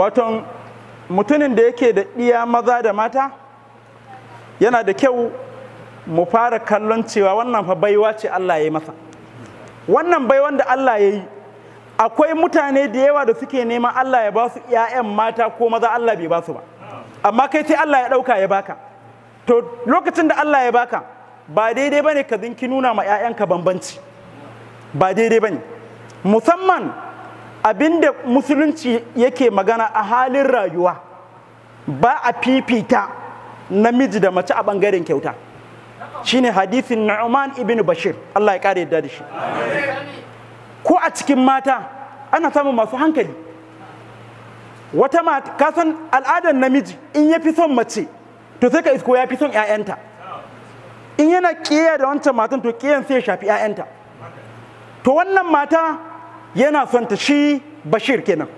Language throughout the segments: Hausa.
waton mutumin da yake da iya maza da mata yana da kyau mu fara kallon cewa wannan fa baiwa ce Allah ya yi masa wannan baiwan da Allah ya yi akwai mutane da yawa da suke neman Allah ya ba su 'ya'yan mata ko maza Allah bai ba su ba amma kai sai Allah ya ɗauka ya baka to lokacin da Allah ya baka ba daidai bane ka zinki nuna ma ka bambanci ba daidai bane musamman abinda musulunci yake magana a halin rayuwa ba a fifita namiji da mace a bangaren kyauta shine hadisin na'uman ibn Bashir Allah ya kare yadda da shi ko a cikin mata ana samun masu hankali wata mata kasan al'adar namiji in ya fi son mace to sai ka isko ya fi son 'ya'yanta in yana ƙiya da wancan matan to ƙiyan sai ya shafi 'ya'yanta to wannan mata yana son ta shi bashir kenan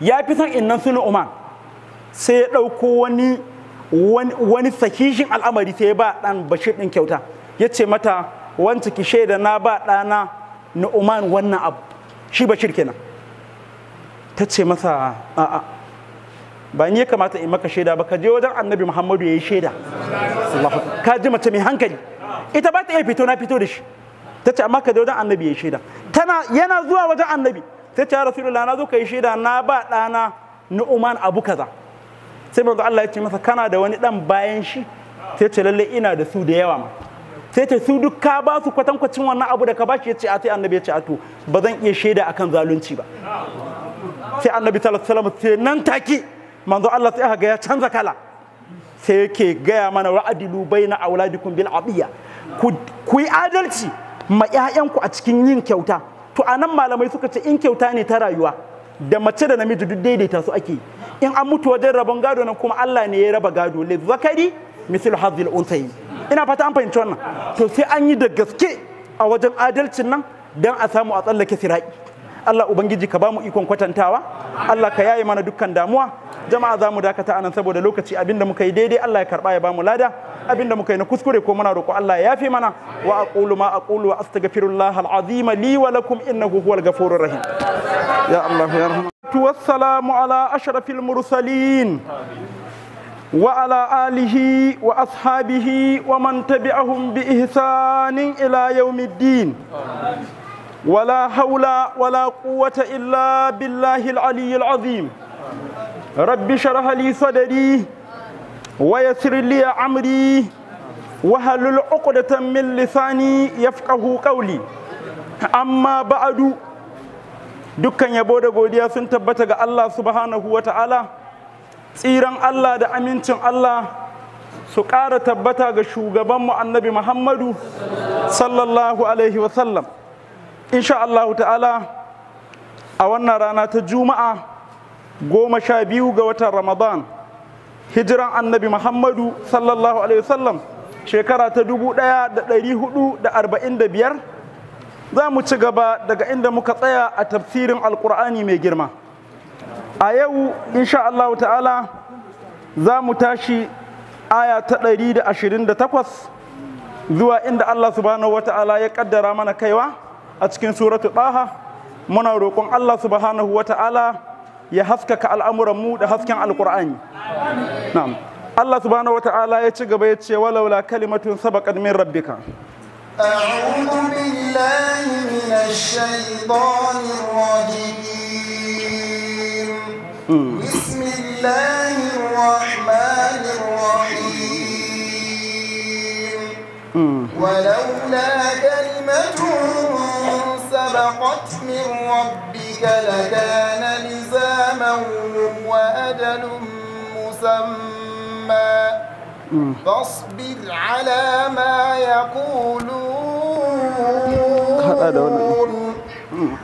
ya fi son innan suna umar sai ya ɗauko wani wani al'amari sai ya ba ɗan bashir ɗin kyauta ya ce mata wancan ki shaida na ba ɗana na umar wannan abu shi bashir kenan ta ce masa a'a ba ni ya kamata in maka shaida ba ka je wajen annabi muhammadu ya yi shaida ka ji mace mai hankali ita ba ta iya fito na fito da shi ta ce amma ka je wajen annabi ya shaida tana yana zuwa wajen annabi sai ce ya rasulullah na zo ka yi shaida na ba ɗana umar abu kaza sai manzo Allah ya ce masa kana da wani dan bayan shi sai ce lalle ina da su da yawa ma sai ce su duk ka ba su kwatankwacin wannan abu da ka ba shi ya ce a sai annabi ya ce a to ba zan iya shaida akan zalunci ba sai annabi sallallahu alaihi wasallam sai nan take manzo Allah sai aka ga ya canza kala sai yake gaya mana wa'adilu baina auladikum bil abiya ku yi adalci ma 'ya'yanku a cikin yin kyauta to a nan malamai suka ce in kyauta ne ta rayuwa da mace da namiji duk daidaita su ake in an mutu wajen rabon gado nan kuma Allah ne ya raba gado li zakari misal hadhil unsayi ina fata an fahimci wannan to sai an yi da gaske a wajen adalcin nan dan a samu a tsallake sirai Allah ubangiji ka bamu ikon kwatantawa Allah ka yaye mana dukkan damuwa jama'a za mu dakata anan saboda lokaci abinda muka yi daidai Allah ya karɓa ya bamu lada abinda muka yi na kuskure ko muna roƙo Allah ya yafe mana wa aqulu ma aqulu wa astaghfirullah li wa lakum innahu huwal ghafurur rahim ya Allah ya wassalamu ala ashrafil mursalin ashabihi wa wa tabi'ahum bi ihsanin ila yaumiddin ولا حول ولا قوة إلا بالله العلي العظيم رب شرح لي صدري ويسر لي عمري وهل العقدة من لساني يفقه قولي أما بعد dukkan yabo da godiya sun tabbata ga Allah subhanahu wa ta'ala tsiran Allah da amincin Allah su ƙara tabbata ga shugabanmu annabi Muhammadu sallallahu alaihi wa sallam. insha Allah ta'ala a wannan rana ta juma'a goma sha biyu ga watan ramadan hijiran annabi muhammadu sallallahu alaihi wasallam shekara ta dubu ɗaya da ɗari hudu da arba'in da biyar za mu ci gaba daga inda muka tsaya a tafsirin alkur'ani mai girma a yau insha Allah ta'ala za mu tashi aya ta ɗari da ashirin da takwas zuwa inda Allah subhanahu wa ta'ala ya ƙaddara mana kaiwa a cikin suratu ɗaha muna roƙon Allah subhanahu wa ta'ala ya haskaka al'amuranmu da hasken alƙur'ani Allah subhanahu wa ta'ala ya ci gaba ya ce walaula kalimatun sabaqat min rabbika أعوذ بالله من الشيطان الرجيم بسم الله الرحمن الرحيم ولولا كلمة سبقت من ربك لكان لزاما وأجل مسمى فاصبر على ما يقولون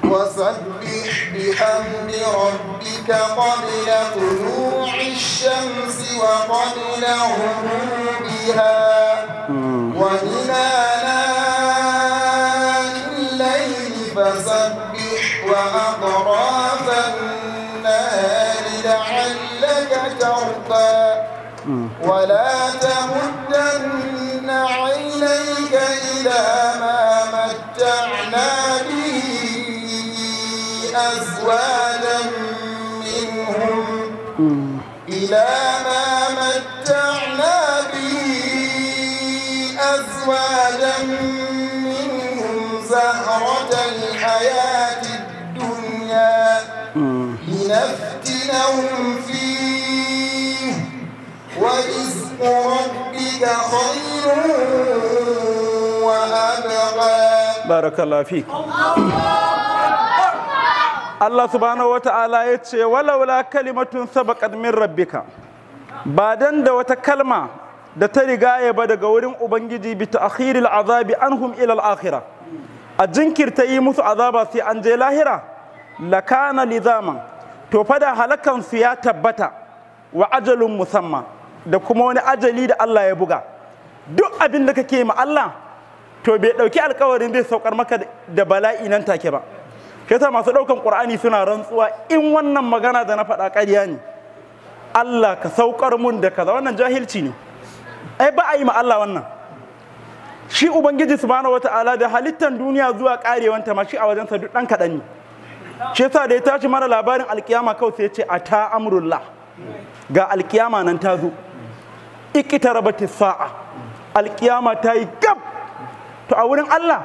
وسبح بحمد ربك قبل طلوع الشمس وقبل غروبها وإلى ناك الليل فسبح وأطراف النار لعلك ترضى ولا تمدن عينيك إلى ما متعنا به أزواجا منهم إلى أزواجا منهم زهرة الحياة الدنيا لنفتنهم فيه ورزق ربك خير وأبقى بارك الله فيك الله سبحانه وتعالى يتشي ولولا كلمة سبقت من ربك بعدين دوت كلمة da ta rigaya ba daga wurin ubangiji bi ta'khiril azabi anhum ila al-akhirah a jinkirta yi musu azaba sai an je lahira lakana lizaman to fada halakan su ya tabbata wa ajalun musamma da kuma wani ajali da Allah ya buga duk abin da kake ma Allah to bai dauki alkawarin zai saukar maka da bala'i nan take ba yasa masu daukan qur'ani suna rantsuwa in wannan magana da na faɗa ƙarya ne Allah ka saukar mun da kaza wannan jahilci ne ai ba a yi ma Allah wannan shi ubangiji subhanahu wata'ala da halittan duniya zuwa karewanta ma shi a wajensa duk dan kadan ne shi yasa da ya tashi mara labarin alkiyama kawai sai ya ce a ta amrullah ga alkiyama nan ta zo ikitarabati sa'a alkiyama ta yi gab to a wurin Allah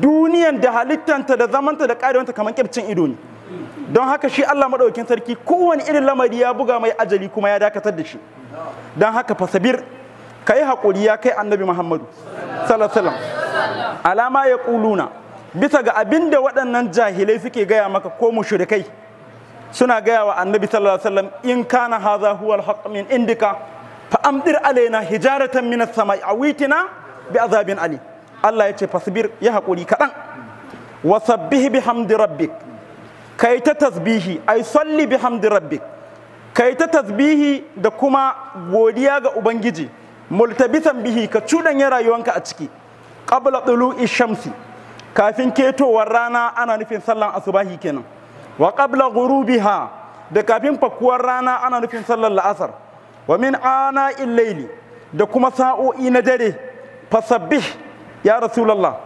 duniyan da halittanta da zamanta da karewanta kamar kyabcin ido ne don haka shi Allah maɗaukin sarki kowane irin lamari ya buga mai ajali kuma ya dakatar da shi don haka fasabir kai hakuri ya kai annabi muhammadu salasalam alama ya kuluna bisa ga abin da waɗannan jahilai suke gaya maka ko mu mushrikai suna gaya wa annabi salasalam in kana haza huwa al in indika fa alaina hijaratan minas sama a awitina bi azabin ali Allah ya ce fasbir ya haƙuri kaɗan bi bihamdi rabbik kai ta tasbihi ai salli bihamdi rabbik kai ta tasbihi da kuma godiya ga ubangiji multabitan bihi ka cuɗanya rayuwanka a ciki qabla tulu'i shamsi kafin ketowar rana ana nufin sallan asubahi kenan wa qabla ghurubiha da kafin fakuwar rana ana nufin sallar la'asar wa min ana illaili da kuma sa'o'i na dare fasabbih ya rasulullah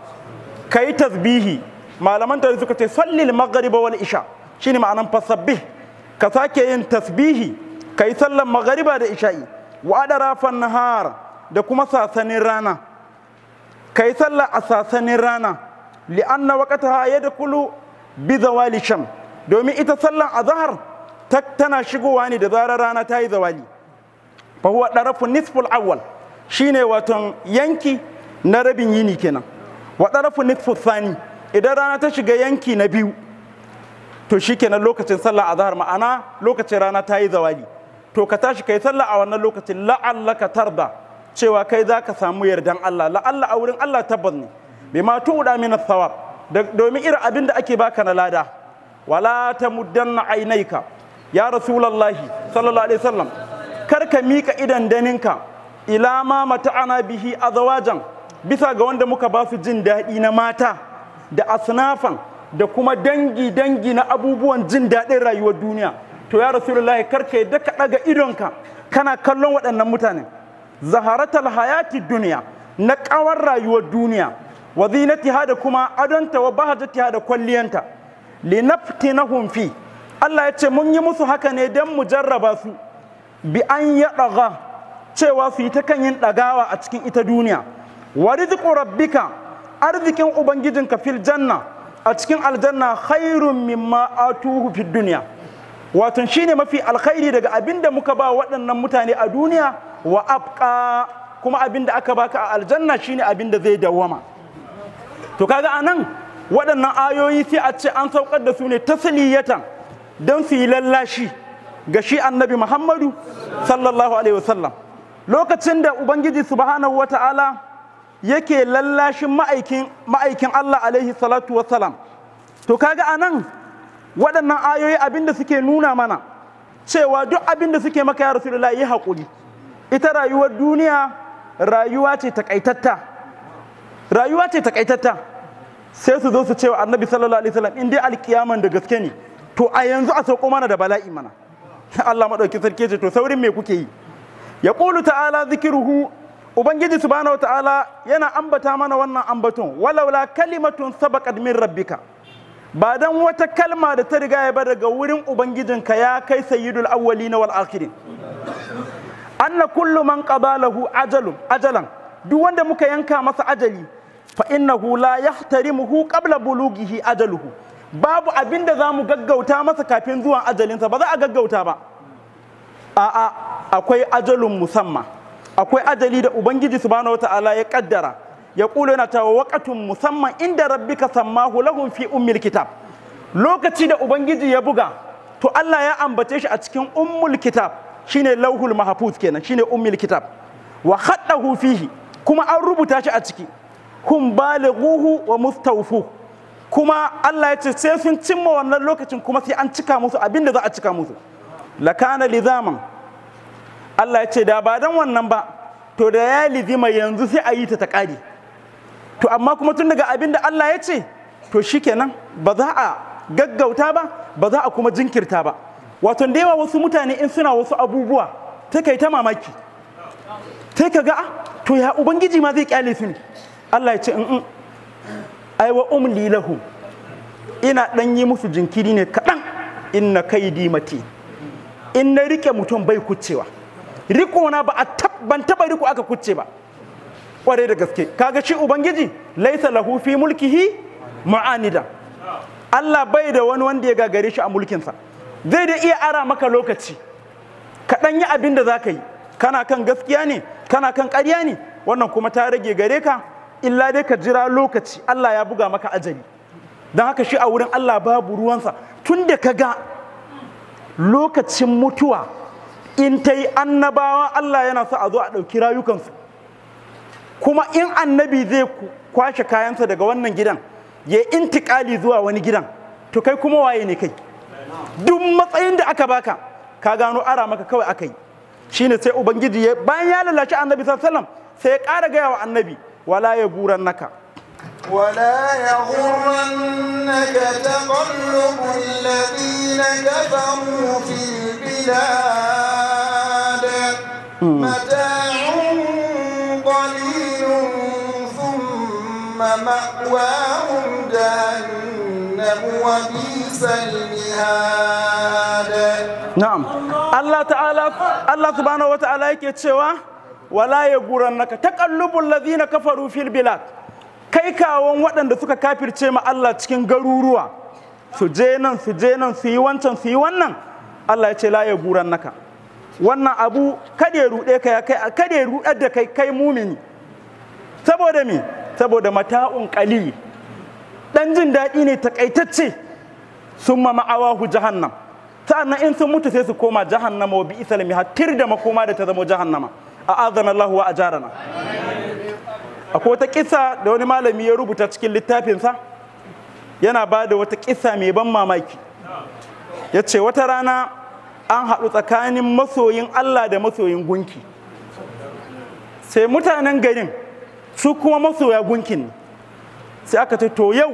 kai tasbihi malaman tare suka ce sallil maghrib wal isha shine ma'anan fasabbih ka sake yin tasbihi kai sallar maghriba da isha'i wa rafan nahar da kuma sasanin rana kai sallah a sasanin rana li'an na ya da kulu bi zawali sham domin ita sallan azhar tana shigowa ne da zarar rana ta yi zawali fa huwa darafu nisful awwal shine waton yanki na rabin yini kenan wa darafu nisful thani idan rana ta shiga yanki na biyu to shi shikenan lokacin sallah azhar ma'ana lokacin rana ta yi zawali to ka tashi kai sallah a wannan lokacin la'allaka tarda cewa kai za ka samu yardan Allah la'alla a wurin Allah tabbas ne bima tu'da min thawab domin irin abin da ake baka na lada wala tamuddanna ainaika ya rasulullahi sallallahu alaihi wasallam kar ka mika idan daninka ila ma mata'ana bihi azawajan bisa ga wanda muka ba su jin daɗi na mata da asnafan da kuma dangi dangi na abubuwan jin daɗin rayuwar duniya to ya rasulullahi karka yadda ka ɗaga idonka kana kallon waɗannan mutane zaharatar hayati duniya na ƙawar rayuwar duniya wa zinati da kuma adonta wa bahajatiha da kwalliyanta na humfi. Allah ya ce mun yi musu haka ne don mu jarraba su bi an ya ɗaga cewa su yi ta kan yin ɗagawa a cikin ita duniya wa riziku rabbika arzikin ubangijinka fil janna a cikin aljanna khairun mimma atuhu fid duniya Waton shine mafi alkhairi daga abin da muka ba waɗannan mutane a duniya wa abqa kuma abin da aka baka a aljanna shine abin da zai dawwama to kaga anan waɗannan ayoyi sai a ce an saukar da su ne tasliyatan don su yi lallashi ga shi annabi Muhammadu sallallahu alaihi wasallam lokacin da ubangiji subhanahu ta'ala yake lallashin ma'aikin Allah alaihi salatu salam. to kaga anan waɗannan ayoyi abinda suke nuna mana cewa duk abinda suke maka ya rasulullah yi haƙuri ita rayuwar duniya rayuwa ce taƙaitatta. rayuwa ce taƙaitatta sai su zo su cewa annabi sallallahu alaihi wasallam in dai alkiyaman da gaske ne to a yanzu a sauko mana da bala'i mana Allah madauki sarki ce to saurin me kuke yi ya qulu ta'ala zikruhu ubangiji subhanahu ta'ala yana ambata mana wannan ambaton walaula kalimatun sabaqat min rabbika ba don wata kalma da ta riga ya ba daga wurin ubangijinka ya kai sayyidul na wal akhirin anna kullu man qabalahu ajalan duk wanda muka yanka masa ajali fa innahu la yahtarimuhu qabla bulugihi ajaluhu babu abinda da mu gaggauta masa kafin zuwan ajalinsa ba za a gaggauta ba a'a akwai ajalun musamma akwai ajali da ubangiji subhanahu wataala ya ƙaddara. Ya yaqulu yana ta waqatun musamman inda rabbika sammahu lahum fi ummil kitab lokaci da ubangiji ya buga to Allah ya ambace shi a cikin ummul kitab shine lauhul mahfuz kenan shine ummul kitab wa khaddahu fihi kuma an rubuta shi a ciki hum balighuhu wa mustawfu kuma Allah ya ce sai sun cimma wannan lokacin kuma sai an cika musu abin da za a cika musu lakana lizaman Allah ya ce da ba dan wannan ba to da ya lizima yanzu sai a yi ta ta ƙari to amma kuma tun daga abin da Allah ya ce to shikenan ba za a gaggauta ba ba za a kuma jinkirta ba wato da yawa wasu mutane in suna wasu abubuwa ta kai ta mamaki sai ka ga ah, to ya ubangiji ma zai kyale su ne Allah ya ce in ai wa umli lahu ina dan yi musu jinkiri ne kaɗan inna kaidi mati in na rike mutum bai kucewa riko na ba a ban taba riko aka kuce ba kwarai da gaske kaga shi ubangiji laisa lahu fi mulkihi ma'anida Allah bai da wani wanda ya gagare shi a mulkin sa. zai da iya ara maka lokaci kaɗan yi abin da za ka yi kana kan gaskiya ne kana kan ƙarya ne wannan kuma ta rage gare ka illa dai ka jira lokaci Allah ya buga maka ajali don haka shi a wurin Allah babu ruwansa tun da ka ga lokacin mutuwa in ta yi annabawa Allah yana sa a zo a ɗauki rayukansu kuma in annabi zai kwashe kayansa daga wannan gidan ya intikali zuwa wani gidan to kai kuma waye ne kai duk matsayin da aka baka ka gano ara maka kawai aka yi shine sai ubangiji ya bayan ya lalace annabi sallallahu sai ya kara gaya wa annabi wala ya guran naka ولا يغرنك تقلب الذين كفروا في البلاد متاع ومأواهم جهنم وبئس المهاد نعم الله تعالى الله سبحانه وتعالى يكتشوا ولا يغرنك تقلب الذين كفروا في البلاد kai kawon waɗanda suka kafirce ma Allah cikin garuruwa su je nan su je nan su yi wancan su yi wannan Allah ya ce la ya guran naka wannan abu kada ya ruɗe ka ya kai kada ya ruɗar da kai kai mumini saboda me saboda mata'un ƙali ɗan jin daɗi ne takaitacce sun ma ma'awahu jahannam sa'annan in sun mutu sai su koma jahannama wa bi isalmi hatir da makoma da ta zamo jahannama a azana Allah wa ajarana akwai wata kisa da wani malami ya rubuta cikin littafinsa yana ba da wata kisa mai ban mamaki ya ce wata rana an haɗu tsakanin masoyin Allah da masoyin gunki sai mutanen garin su kuma masoya gunkin sai aka ce to yau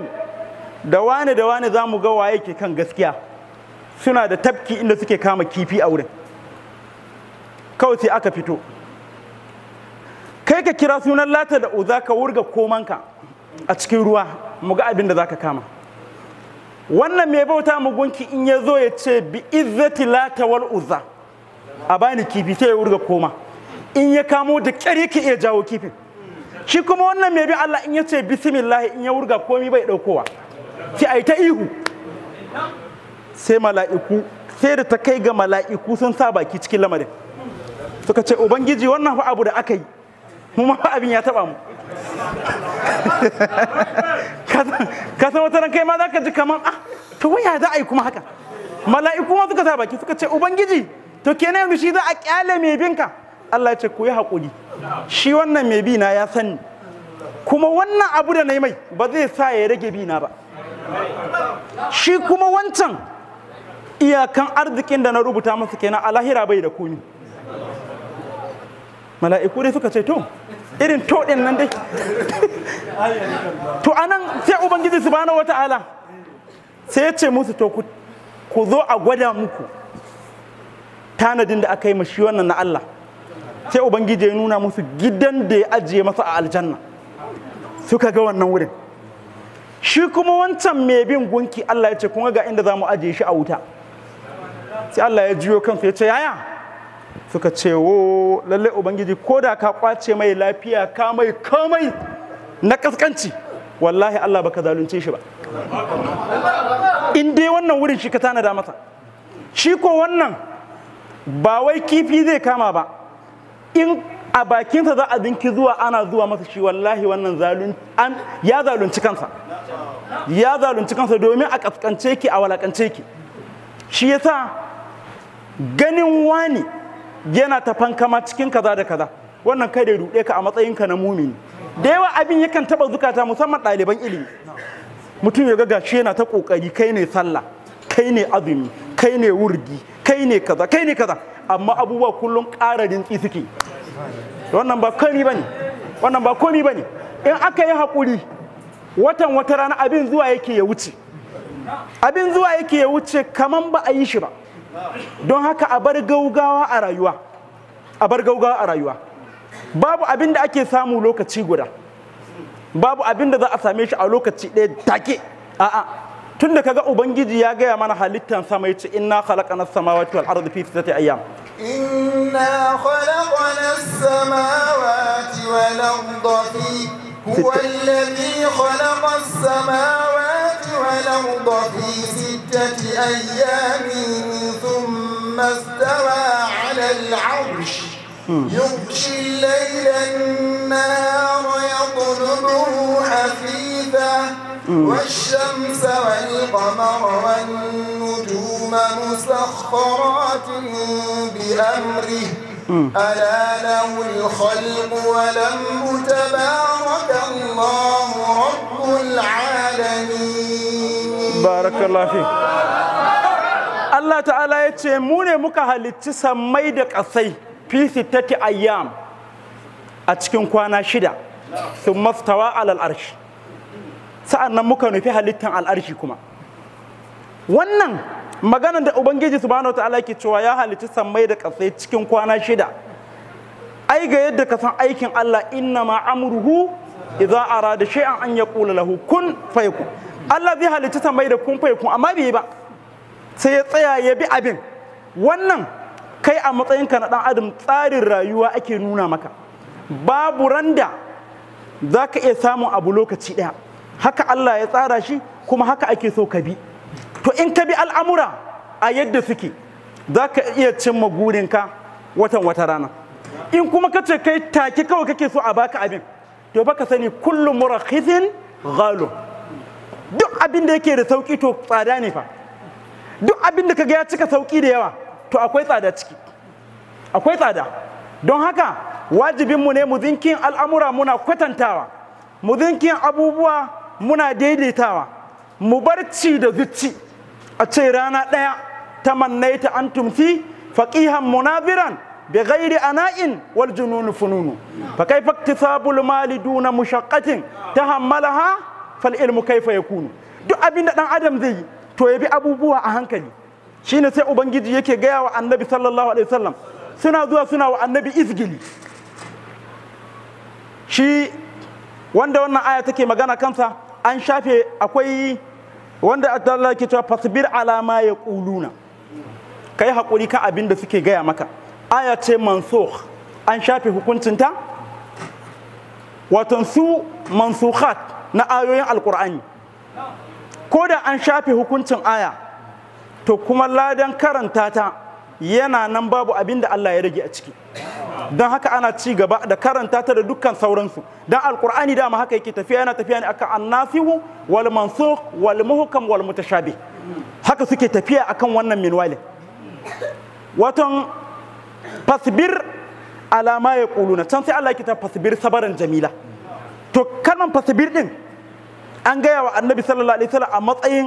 da wani da wani za mu ga waye ke kan gaskiya suna da tafki inda suke kama kifi a wurin kawai sai aka fito kai ka kira sunan lata da uza ka wurga komanka a cikin ruwa mu ga abin da za ka kama wannan mai bauta mu gunki in ya zo ya ce bi izzati lata wal uza a bani kifi sai ya wurga koma in ya kamo da kyar yake iya jawo kifin shi kuma wannan mai bi Allah in ya ce bismillah in ya wurga komai bai daukowa sai ai ta ihu sai mala'iku sai da ta kai ga mala'iku sun sa baki cikin lamarin suka ce ubangiji wannan fa abu da aka yi mu ma fa abin ya taba mu ka san wata ran kai ma zaka ji kaman ah to waya za a yi kuma haka mala'iku ma suka sa baki suka ce ubangiji to kenan yanzu shi za a kyale mai binka Allah ya ce ku yi hakuri, shi wannan mai bi na ya sani kuma wannan abu da na yi mai ba zai sa ya rage bi na ba shi kuma wancan iyakan arzikin da na rubuta masu kenan a lahira bai da kuni mala'iku dai suka ce to irin to din nan dai to anan sai ubangiji subhanahu wata'ala sai ya ce musu to ku zo a gwada muku tanadin da aka yi mashi wannan na Allah sai ubangiji ya nuna musu gidan da ya ajiye masa a aljanna suka ga wannan wurin shi kuma wancan mai bin gunki Allah ya ce kuma ga inda za mu ajiye shi a wuta sai Allah ya jiyo kansu ya ce yaya suka ce wo lalle ubangiji ko da ka kwace mai lafiya ka mai kamai na kaskanci wallahi Allah baka zalunce shi ba in dai wannan wurin shi ka tanada masa shi ko wannan ba wai kifi zai kama ba in a bakinsa za a dinki zuwa ana zuwa masa shi wallahi wannan ya zalunci kansa ya zalunci kansa domin a kaskance ki a walakance ki shi yasa ganin wani yana ta fankama cikin kaza da kaza wannan kai da ruɗe ka a ka na mumini da yawa abin yakan taba zukata musamman ɗaliban ilimi mutum ya ga shi yana ta ƙoƙari kai ne sallah kai ne azumi kai ne wurgi kai ne kaza kai ne kaza amma abubuwa kullum ƙara rintsi suke wannan ba ba ne, wannan ba komi ne in aka yi hakuri watan wata rana abin zuwa yake ya wuce abin zuwa yake ya wuce kaman ba a yi shi ba don haka a bar gaugawa a rayuwa a bar gaugawa a rayuwa babu abin da ake samu lokaci guda babu abin da za a same shi a lokaci ɗaya take a'a tunda kaga ubangiji ya gaya mana halittan sama yace inna khalaqana samawati wal ardi fi sittati ayyam inna khalaqana samawati wal ardi fi هو الذي خلق السماوات والأرض في ستة أيام ثم استوى على العرش يغشي الليل النهار يطلبه حثيثا والشمس والقمر والنجوم مسخرات بأمره ألا له الخلق ولم تبارك الله رب العالمين بارك الله فيك Allah ta'ala ya ce mu ne muka halicci da Fisi tati ayyam a cikin kwana shida sun mastawa alal al'arshi sa'an nan muka nufi halittar al'arshi kuma wannan maganar da ubangiji su wa ta'ala ke cewa ya halitta sammai da kasai cikin kwana shida ai ga yadda ka san aikin Allah inna ma Amurhu idza arada shay'an an yaqula lahu kun fayakun Allah zai halitta sammai da kun fayakun amma bai ba sai ya tsaya ya bi abin wannan kai a matsayinka na ɗan adam tsarin rayuwa ake nuna maka babu randa za ka iya samun abu lokaci ɗaya haka Allah ya tsara shi kuma haka ake so ka bi to in ka bi al'amura a yadda suke za ka iya cimma gurinka watan wata rana in kuma ka ce kai take kawai kake so a baka abin to baka sani kullum murakhisin ghalu duk abin da yake da sauki to tsada ne fa duk abin da kaga ya cika sauki da yawa to akwai tsada ciki akwai tsada don haka wajibinmu ne mu zinkin al'amura muna kwatantawa mu zinkin abubuwa muna daidaitawa mu barci da zuci a ce rana ɗaya ta mannaita an tumfi faƙihan munaziran bi ghairi ana'in wal jununu fununu fa kaifa iktisabul mali duna mushaqqatin tahammalaha fal ilmu kaifa yakunu duk abinda dan adam zai yi to ya bi abubuwa a hankali shine sai ubangiji yake gaya wa annabi sallallahu alaihi wasallam suna zuwa suna wa annabi izgili shi wanda wannan aya take magana kansa an shafe akwai wanda Allah ke cewa fasbir ala ma yaquluna kai hakuri kan abin da suke gaya maka aya ce mansukh an shafe hukuncinta watan su mansukhat na ayoyin alqur'ani ko da an shafe hukuncin aya to kuma ladan karanta ta yana nan babu abin da Allah ya rage a ciki don haka ana ci gaba da karanta ta da dukkan sauransu don alkur'ani dama haka yake tafiya yana tafiya ne akan annafihu wal mansukh wal muhkam wal mutashabi haka suke tafiya akan wannan minwalin waton fasbir alama ya kuluna can sai Allah ya ta fasbir sabaran jamila to kalman fasbir din an gaya wa annabi sallallahu alaihi wasallam a matsayin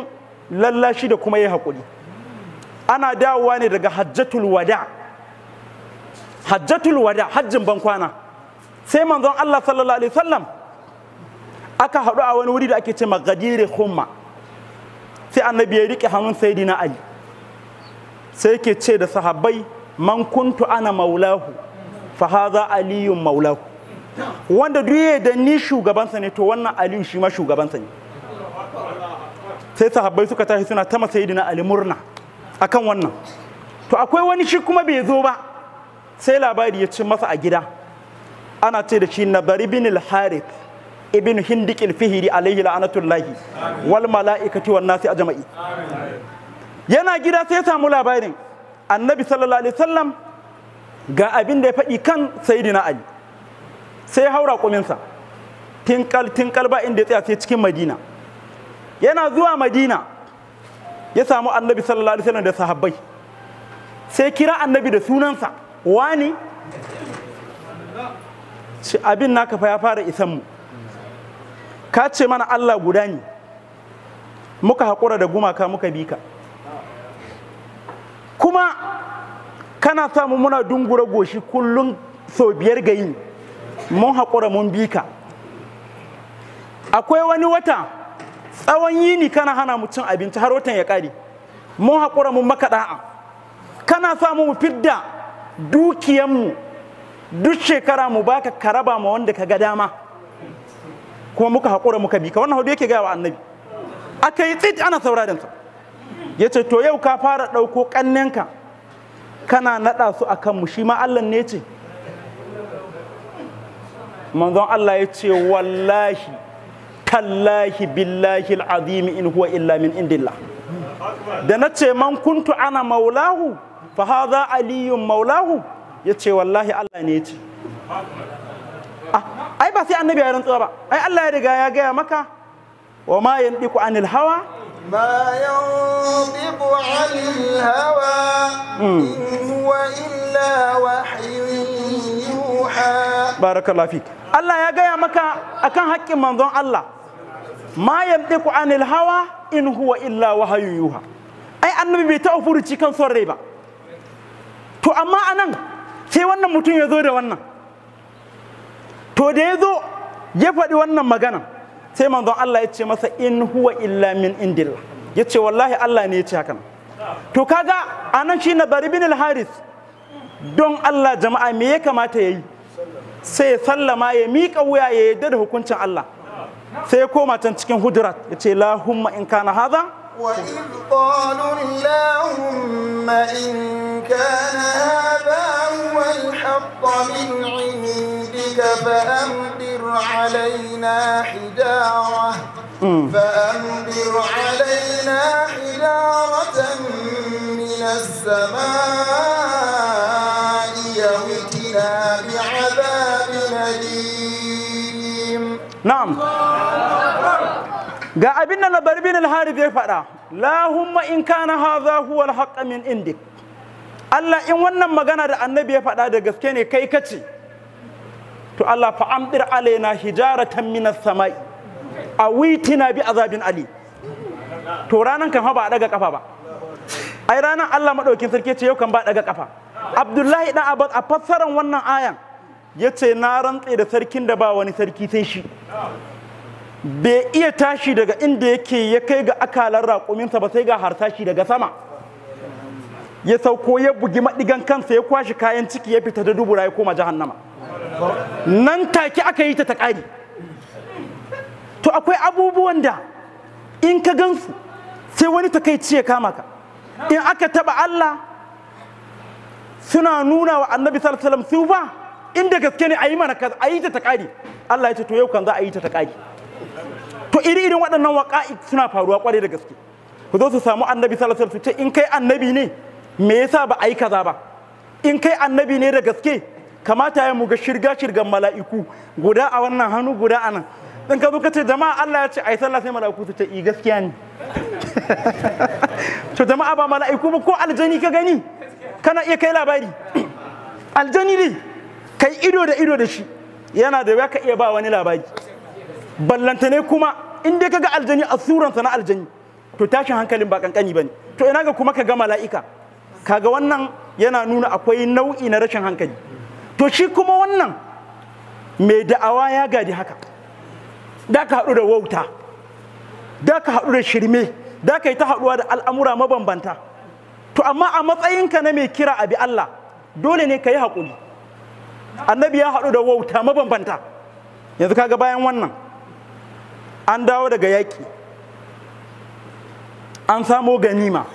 lallashi da kuma yi hakuri. ana dawowa ne daga hajjatul wada hajjatul wada hajjin bankwana sai manzon Allah sallallahu alaihi wasallam aka haɗu a wani wuri da ake ce magadire humma sai annabi ya rike hannun saidina ali sai yake ce da sahabbai man kuntu ana maulahu fa hadha aliyun maulahu wanda duk da ni shugabansa ne to wannan aliyu shi ma shugabansa ne sai sahabbai suka tashi suna ta masayidina ali murna akan wannan to akwai wani shi kuma bai zo ba sai labari ya ci masa a gida ana ce da shi nabari bin al-harith ibn hindik al-fihri alayhi la'anatullahi wal mala'ikati wan nasi ajma'i yana gida sai ya samu labarin annabi sallallahu alaihi wasallam ga abin da ya faɗi kan sayyidina ali sai ya haura kuminsa tinkal tinkal ba inda ya tsaya sai cikin madina yana zuwa madina ya samu annabi sallallahu alaihi wasallam da sahabbai sai kira annabi da sunansa wani abin naka fa ya fara isan mu ka ce mana Allah guda ne muka haƙura da gumaka muka bi ka kuma kana samu muna dungura goshi kullum sau biyar ga yi mun haƙura mun bi ka akwai wani wata tsawon yini kana hana mu cin abinci har watan ya ƙare mun haƙura mun maka da'a kana samu mu fidda dukiyanmu duk shekara mu baka karaba ma wanda ka ga dama kuma muka haƙura muka bi ka wannan hudu yake gaya wa annabi Akayi yi tsit ana sauraron sa ya ce to yau ka fara ɗauko ƙannenka kana naɗa su a kanmu shi ma Allah ne ce manzon Allah ya ce wallahi kallahi billahi al'azim in huwa illa min indillah da na ce man kuntu ana maulahu fa hadha aliyun maulahu ya ce wallahi Allah ne ya ce ah, ai ba sai annabi ya rantsuwa ba ai Allah ya riga ya gaya maka wa ma yandiku anil hawa ما ينطق عن الهوى إن هو إلا وحي يوحى بارك الله فيك الله يا جاي مكا أكن حق من ma yamdiku anil hawa in huwa illa wahayu yuha ai annabi bai taɓa furuci kan son rai ba to amma anan sai wannan mutum ya zo da wannan to da ya zo ya faɗi wannan magana sai manzon Allah ya ce masa in huwa illa min indillah ya ce wallahi Allah ne ya ce hakan to kaga anan shi na bari bin al-haris don Allah jama'a me ya kamata ya yi sai ya sallama ya miƙa wuya ya yarda da hukuncin Allah sai ya koma can cikin hudurat ya ce in kana haza وإذ قالوا اللهم إن كان هذا هو الحق من عندك فأمطر علينا حجارة فأمطر علينا حجارة من السماء أو بعذاب أليم نعم ga abin da nabar bin al zai ya faɗa lahumma in kana hadha huwa al-haqq min indik Allah in wannan magana da annabi ya faɗa da gaske ne kai kace to Allah fa amdir alaina hijaratan min as-sama'i awitina bi azabin ali to ranan kan ba daga kafa ba ai ranan Allah madaukin sarki ce yau kan ba daga kafa Abdullahi dan Abbas a fassaran wannan ayan yace na rantse da sarkin da ba wani sarki sai shi bai iya tashi daga inda yake ya kai ga akalar rakuminsa ba sai ga harsashi daga sama ya sauko ya bugi maɗigan kansa ya kwashi kayan ciki ya fita da dubura ya koma jahannama nan take aka yi ta ta ƙari to akwai abubuwan da in ka gansu sai wani ta takaici ya kama ka in aka taɓa Allah suna nuna wa annabi sallallahu alaihi su ba inda gaske ne a yi mana a yi ta ta ƙari Allah ya ce to yau kan za a yi ta ta ƙari to iri irin waɗannan waƙa'i suna faruwa ƙwarai da gaske ku zo su samu annabi sallallahu alaihi wasallam in kai annabi ne me yasa ba ai kaza ba in kai annabi ne da gaske kamata ya muga shirga shirgan mala'iku guda a wannan hannu guda anan in ka zo ka ce jama'a Allah ya ce ai sallah sai mala'iku su ce i eh, gaskiya ne to jama'a ba mala'iku ba ko aljani ka gani kana iya kai labari aljani ne kai ido da ido da shi yana da ya ka iya ba wani labari ballantane kuma in dai kaga aljani a suransa na aljani to tashin hankalin ba kankani bane to ina ga kuma kaga mala'ika kaga wannan yana nuna akwai nau'i na rashin hankali to shi kuma wannan mai da'awa ya gadi haka da ka haɗu da wauta da ka haɗu da shirme da ka yi ta haɗuwa da al'amura mabambanta to amma a matsayinka na mai kira abi Allah dole ne ka yi haƙuri annabi ya haɗu da wauta mabambanta yanzu kaga bayan wannan an dawo daga yaƙi an samo ganima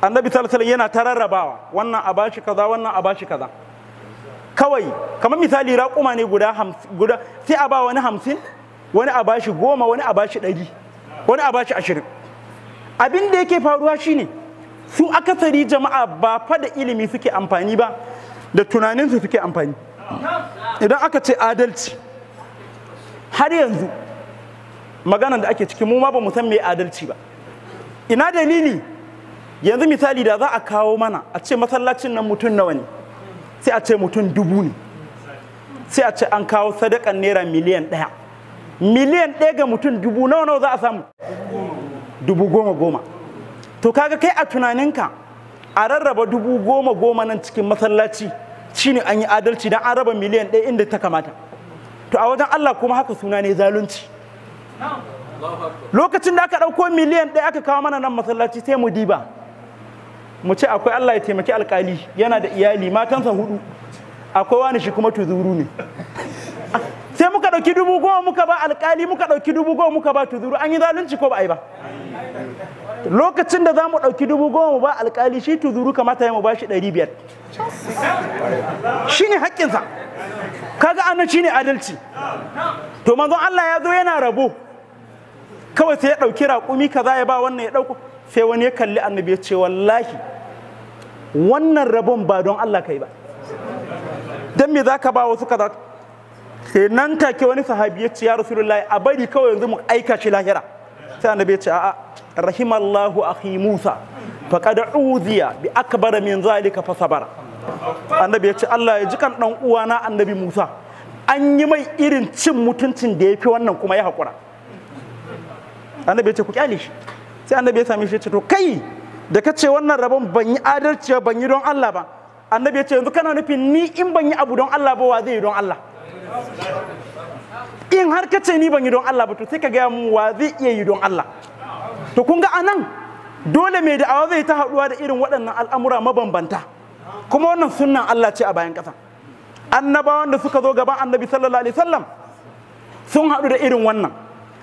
annabi sallallahu yana ta rarrabawa wannan a bashi kaza wannan a bashi kaza kawai kamar misali raƙuma ne guda guda sai a ba wani hamsin wani a bashi goma wani a bashi ɗari wani a bashi ashirin abin da yake faruwa shine su akasari jama'a ba fa da ilimi suke amfani ba da tunaninsu suke amfani idan aka ce adalci har yanzu maganan da ake ciki mu ma ba mu san mai adalci ba ina dalili yanzu misali da za a kawo mana a ce masallacin nan mutum nawa ne sai a ce mutum dubu ne sai a ce an kawo sadakan naira miliyan ɗaya miliyan ɗaya ga mutum dubu nawa nawa za a samu dubu goma goma to kaga kai a tunaninka a rarraba dubu goma goma nan cikin masallaci shine an yi adalci don an raba miliyan ɗaya inda ta kamata to a wajen Allah kuma haka suna ne zalunci lokacin da aka ɗauko miliyan ɗaya aka kawo mana nan masallaci sai mu diba mu ce akwai Allah ya taimaki alƙali yana da iyali matansa hudu akwai wani shi kuma tuzuru ne sai muka ɗauki dubu goma muka ba alƙali muka ɗauki dubu goma muka ba tuzuru an yi zalunci ko ba a yi ba lokacin da za mu ɗauki dubu goma mu ba alƙali shi tuzuru kamata ya mu ba shi ɗari biyar shine haƙƙinsa kaga annan shine adalci to manzon Allah ya zo yana rabo kawai sai ya ɗauki raƙumi kaza ya ba wannan ya ɗauko sai wani ya kalli annabi ya ce wallahi wannan rabon ba don Allah kai ba Don me za ka ba wasu kaza sai nan take wani sahabi ya ce ya rasulullahi a bari kawai yanzu mu aika shi lahira sai annabi ya ce a'a rahimallahu akhi Musa faqad uziya bi akbar min zalika fa sabara annabi ya ce Allah ya ji kan dan uwana annabi Musa an yi mai irin cin mutuncin da ya fi wannan kuma ya haƙura annabi ya ce ku kyale shi sai annabi ya same shi ya ce to kai da ka ce wannan rabon ban yi adalci ba ban yi don Allah ba annabi ya ce yanzu kana nufin ni in ban yi abu don Allah ba wa zai yi don Allah in har ka ce ni ban yi don Allah ba to sai ka gaya mu wa zai iya yi don Allah to kun ga anan dole mai da'awa zai ta haɗuwa da irin waɗannan al'amura mabambanta kuma wannan sunan Allah ce a bayan ƙasa annabawan da suka zo gaban annabi sallallahu alaihi wasallam sun haɗu da irin wannan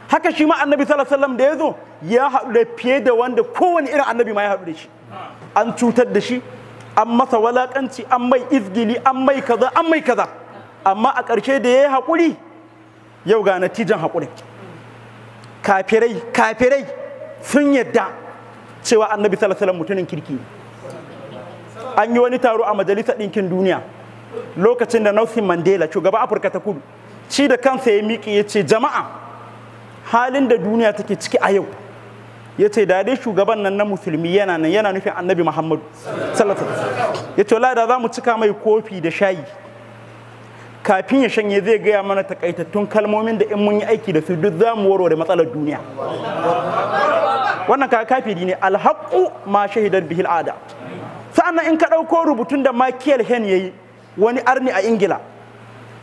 haka shi ma annabi sallallahu alaihi wasallam da ya zo ya haɗu da fiye da wanda kowane irin annabi ma ya haɗu da shi an cutar da shi an masa walaƙanci, an mai izgili an mai kaza an mai kaza amma a ƙarshe da ya yi haƙuri yau ga natijan haƙuri kafirai kafirai sun yadda cewa annabi sallallahu alaihi wasallam mutumin kirki ne an yi wani taro a majalisar ɗinkin duniya lokacin da Nelson Mandela shugaba Afirka ta kudu Ci da kansa ya miƙe ya ce jama'a halin da duniya take ciki a yau ya ce da shugaban nan na musulmi yana nan yana nufin annabi Muhammadu ya ce da za mu cika mai kofi da shayi kafin ya shanye zai gaya mana takaitattun kalmomin da in mun yi aiki da su duk za mu warware matsalar duniya wannan kafin ne alhaƙu ma shahidar bihil sa'annan in ka ɗauko rubutun da Michael Hen ya yi wani arni a Ingila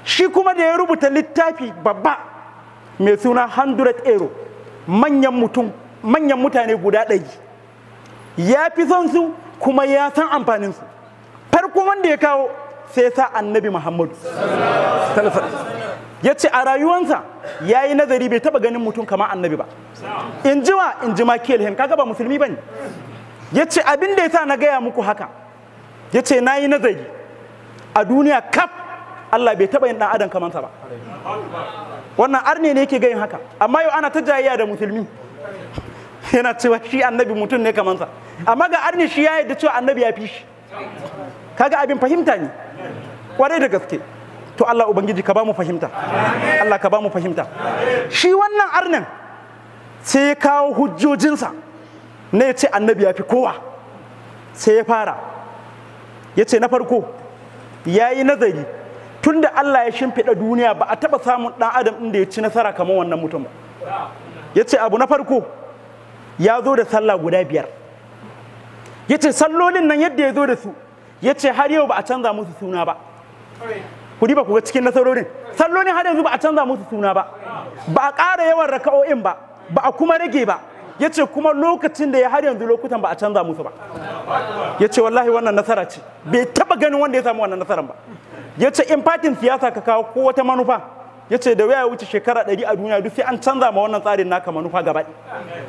shi kuma da ya rubuta littafi babba mai suna 100 euro manyan mutane guda ɗari ya fi son su kuma ya san amfanin su farko wanda ya kawo sai sa annabi Muhammadu ya ce a rayuwansa ya yi nazari bai taba ganin mutum kama annabi ba in ji wa in ji Michael Hen kaga ba musulmi ba ne ya ce abin da ya sa na gaya muku haka ya ce na yi nazari a duniya kaf Allah bai taɓa yin ɗan adam kamansa ba wannan arne ne yake gayin haka amma yau ana ta jayayya da musulmi yana cewa shi annabi mutum ne kamansa amma ga arne shi ya yadda cewa annabi ya fi shi kaga abin fahimta ne kwarai da gaske to Allah ubangiji ka ba mu fahimta Allah ka ba mu fahimta shi wannan arnen sai ya kawo hujjojinsa na ya ce annabi ya fi kowa sai ya fara ya ce na farko ya yi nazari tun da Allah ya shimfiɗa duniya ba a taɓa samun ɗan adam inda ya ci nasara kamar wannan mutum ba ya ce abu na farko ya zo da sallah guda biyar ya ce sallolin nan yadda ya zo da su ya ce har yau ba a canza musu suna ba ku ba ku ga cikin nasarorin sallolin har yanzu ba a canza musu suna ba ba a ƙara yawan raka'o'in ba ba a kuma rage ba ya ce kuma lokacin da ya har yanzu lokutan ba a canza musu ba ya ce wallahi wannan nasara ce bai taba ganin wanda ya samu wannan nasaran ba ya ce in fatin siyasa ka kawo ko wata manufa ya ce da waya wuce shekara ɗari a duniya duk sai an canza ma wannan tsarin naka manufa gaba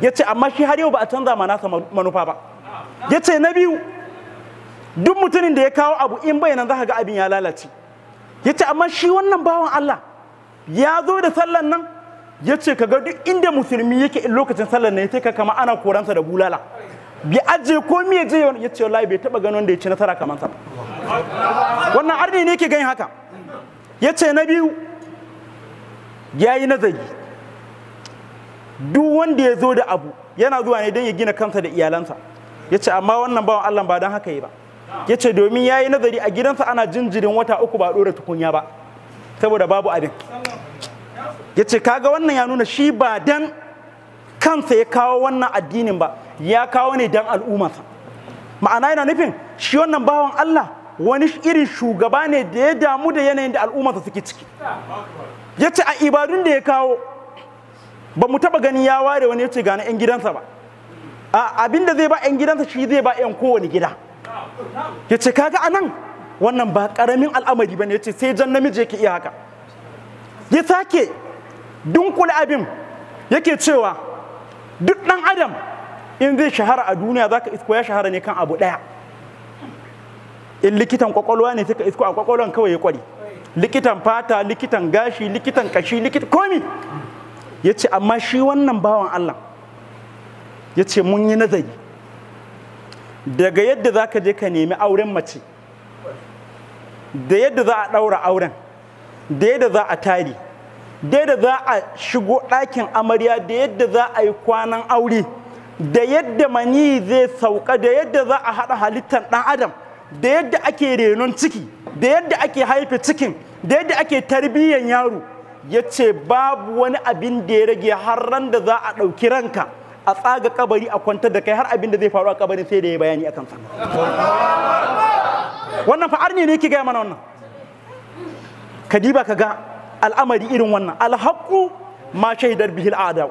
ya ce amma shi har yau ba a canza ma nasa manufa ba ya ce na biyu duk mutumin da ya kawo abu in bai nan za ka ga abin ya lalace ya ce amma shi wannan bawan Allah ya zo da sallan nan ya ce ka ga duk inda musulmi yake in lokacin sallar ne sai ka kama ana koransa da bulala bi aje ko mi ya je ya ce wallahi bai taba ganin da ya ci nasara kamar sa wannan arni ne yake ganin haka ya ce na biyu ya yi nazari duk wanda ya zo da abu yana zuwa ne don ya gina kansa da iyalansa ya ce amma wannan bawan allah ba don haka yi ba ya ce domin ya yi nazari a gidansa ana jinjirin wata uku ba ɗora tukunya ba saboda babu abin ya ce kaga wannan ya nuna shi ba dan kansa ya kawo wannan addinin ba ya kawo ne dan al'ummarsa ma'ana yana nufin shi wannan bawan Allah wani irin shugaba ne da ya damu da yanayin da al'ummarsa suke ciki ya ce a ibadun da ya kawo ba mu taba gani ya ware wani ya ce gane 'yan gidansa ba A abin da zai ba 'yan gidansa shi zai ba 'yan kowane gida ya ce kaga anan wannan ba ƙaramin al'amari ba ne ya ce sai jan namiji yake iya haka ya sake dunkul abin yake cewa duk ɗan adam in zai shahara a duniya za ka isko ya shahara ne kan abu ɗaya in likitan kwakwalwa ne suka isko a kwakwalwan kawai ya kwari likitan fata likitan gashi likitan kashi likitan komi ya ce amma shi wannan bawan allah ya ce mun yi nazari daga yadda za ka je ka nemi auren mace da yadda za a ɗaura auren da yadda za a tari da yadda za a shigo ɗakin amarya da yadda za a yi kwanan aure da yadda mani zai sauka da yadda za a haɗa halittar ɗan adam da yadda ake renon ciki da yadda ake haife cikin da yadda ake tarbiyyar yaro ya ce babu wani abin da ya rage har ran da za a ɗauki ranka a tsaga kabari a kwantar da kai har abin da zai faru a kabarin sai da ya bayani akan kansa wannan fa'ar ne ne ki gaya mana wannan kadiba ka ga al'amari irin wannan alhaku ma shaidar bihil adam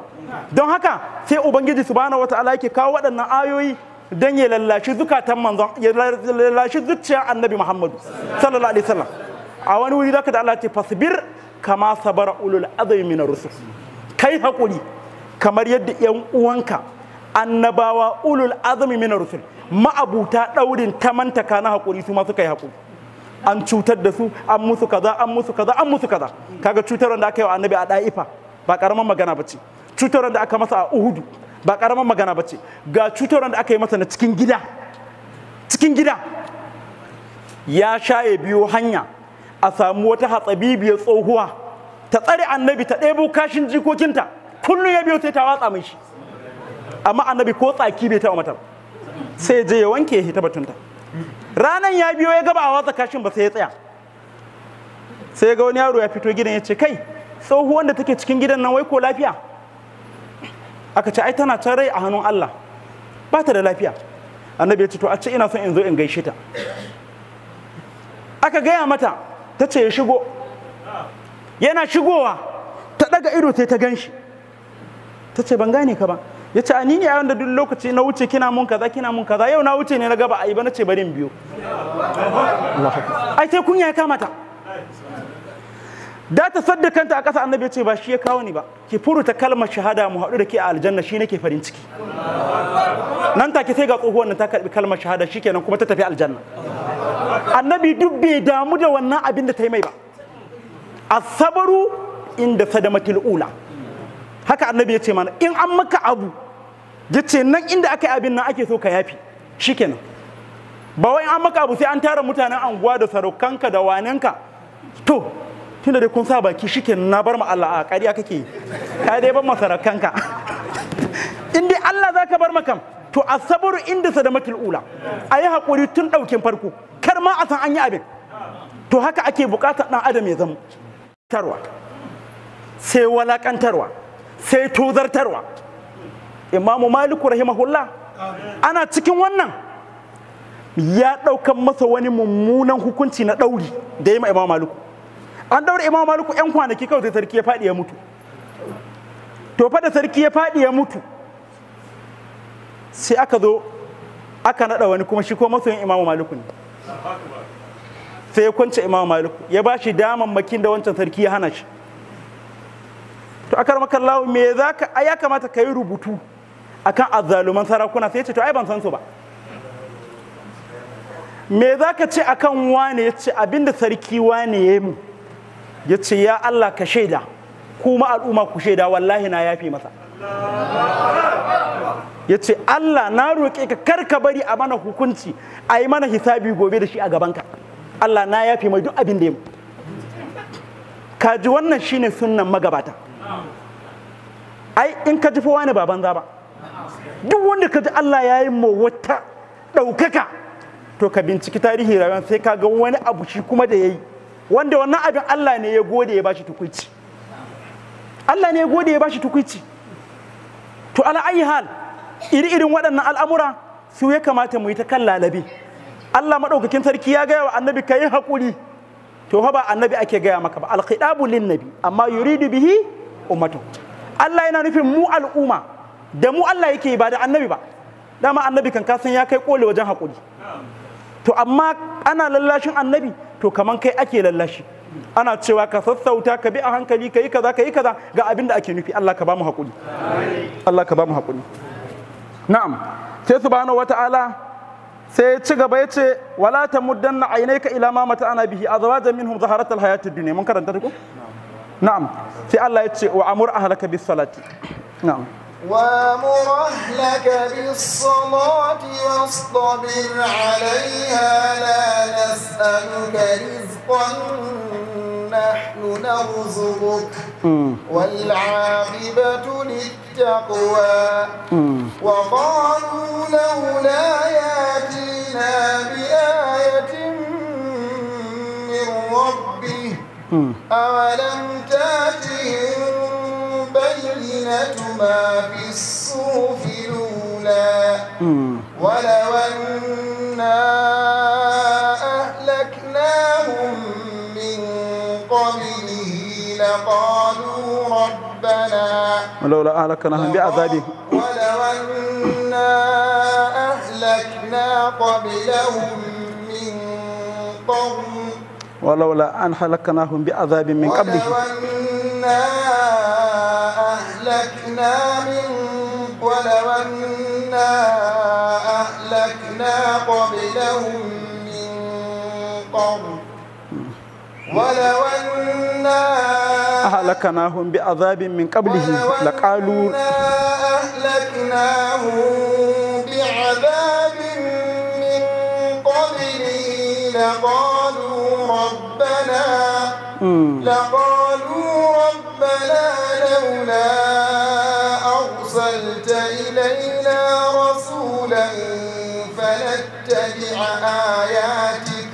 don haka sai ubangiji subhanahu wataala yake kawo waɗannan ayoyi don ya lallashi zukatan manzon ya lallashi zuciyar annabi muhammadu sallallahu alaihi wasallam a wani wuri zaka da Allah ce fasbir kama sabara ulul azmi min rusul kai hakuri kamar yadda yan uwanka annabawa ulul azmi min rusul ma'abuta daurin tamantaka na hakuri su ma suka yi hakuri an cutar da su an musu kaza an musu kaza an musu kaza kaga cutar da aka yi wa annabi a da'ifa ba karaman magana bace Cutar da aka masa a uhudu ba karaman magana bace ga cutar da aka yi masa na cikin gida cikin gida ya sha ya biyo hanya a samu wata hatsabibiyar tsohuwa ta tsare annabi ta ɗebo kashin jikokinta kullum ya biyo sai ta watsa mai shi amma annabi ko tsaki bai taɓa mata sai je ya wanke ya hita batunta ranan ya biyo ya gaba a watsa kashin ba sai ya tsaya sai ga wani yaro ya fito gidan ya ce kai tsohuwan da take cikin gidan nan wai ko lafiya aka ce ai tana can rai a hannun Allah ba ta da lafiya annabi ya ce to a ce ina son in zo in gaishe ta aka gaya mata ta ce ya shigo yana shigowa ta daga ido sai ta gan shi ta ce ban gane ka ba ya ce ni ne a yanda duk lokaci na wuce kina mun kaza kina mun kaza yau na wuce ne na gaba a yi ba na ce barin biyu. ai sai kunya ya kamata da ta sadda kanta a ƙasa annabi ya ce ba shi ya kawo ni ba ki furuta kalmar shahada mu haɗu da ke a aljanna shi nake farin ciki nan take sai ga tsohuwar nan ta karɓi kalmar shahada shi kenan kuma ta tafi aljanna annabi duk bai damu da wannan abin da ta yi mai ba asabaru inda sadamatul ula haka annabi ya ce mana in an maka abu ya ce nan inda aka yi abin nan ake so ka yafi shikenan ba wai an maka abu sai an tara mutanen anguwa da sarokanka da wanenka to tunda dai kun sa baki shikenan na bar ma Allah a kariya kake ka dai bar ma sarukanka in dai Allah zaka bar makam to sabar inda sa da sadamatul ula ayi hakuri tun daukin farko kar ma a san an yi abin to haka ake bukatar dan adam ya zama tarwa sai walakantarwa sai tozartarwa imamu maliku rahimahullah ana cikin wannan ya ɗaukan masa wani mummunan hukunci na ɗauri da ya ma imamu maliku an ɗaure imamu maliku 'yan kwanaki kawai sai sarki ya faɗi ya mutu to fa da sarki ya faɗi ya mutu sai aka zo aka naɗa wani kuma shi ko masoyin imamu maliku ne sai ya kwance imamu maliku ya ba shi damammakin da wancan sarki ya hana shi to akar Lawo me za ka ya kamata ka yi rubutu kan azzaluman sarakuna sai ce to ai ban san su ba me za ka ce a kan wane ya ce abinda sarki wane ya mu ya ce ya Allah ka shaida kuma al'umma ku shaida wallahi na yafi masa ya ce Allah na roƙe ka kar ka bari a mana hukunci a yi mana hisabi gobe da shi a gabanka Allah na yafi mai duk abin da ya mu kaji wannan shine sunnan magabata ai in ka ji fowa ne ba banza ba duk wanda ka ji Allah ya yi ma wata ɗaukaka to ka binciki tarihi rayuwar sai ka ga wani abu shi kuma da ya yi wanda wannan abin Allah ne ya gode ya bashi tukuici Allah ne ya gode ya bashi tukuici to ala ayi hal iri irin waɗannan al'amura su ya kamata mu yi ta kan lalabi Allah maɗaukakin sarki ya gaya wa annabi ka yi haƙuri to fa ba annabi ake gaya maka ba alkhidabu lin nabi amma yuridu bihi ummatu Allah yana nufin mu al'umma da mu Allah yake ba da annabi ba dama annabi kan kasan ya kai kole wajen hakuri, to amma ana lallashin annabi to kaman kai ake lallashi ana cewa ka sassauta ka bi a hankali ka yi kaza ka yi kaza ga abin da ake nufi Allah ka ba mu haƙuri Allah ka ba mu haƙuri na'am sai subhanahu wata'ala sai ci gaba ya ce wala tamuddanna aynaka ila ma mata'ana bihi azwajan minhum zaharatal hayatid dunya mun karanta ta ko نعم في الله ya اهلك بالصلاه نعم ahlaka وامر أهلك بالصلاة واصطبر عليها لا نسألك رزقا نحن نرزقك والعاقبة للتقوى وقالوا لولا ياتينا بآية من ربنا أولم تاتهم بينة ما في الصوف الأولى ولو أنا أهلكناهم من قبله لقالوا ربنا ولولا أهلكناهم بعذابه ولو أنا أهلكنا قبلهم من قرن ولولا أن حلقناهم بعذاب من قبله أهلكنا من ولو أنا أهلكنا قبلهم من قرن ولو أنا أهلكناهم بعذاب من قبله لقالوا أهلكناهم بعذاب من قبله لقالوا لقالوا ربنا لولا أرسلت إلينا رسولا فنتبع آياتك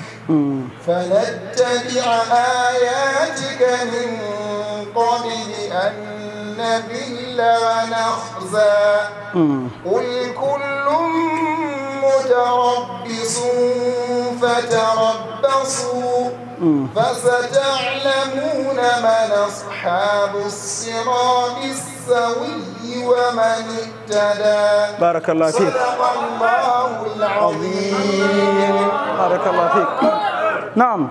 فنتبع آياتك من قبل أن نبل ونخزى قل كل متربص فتربصوا فستعلمون من أصحاب الصراط السوي ومن اهتدى بارك الله فيك صدق الله العظيم بارك الله فيك نعم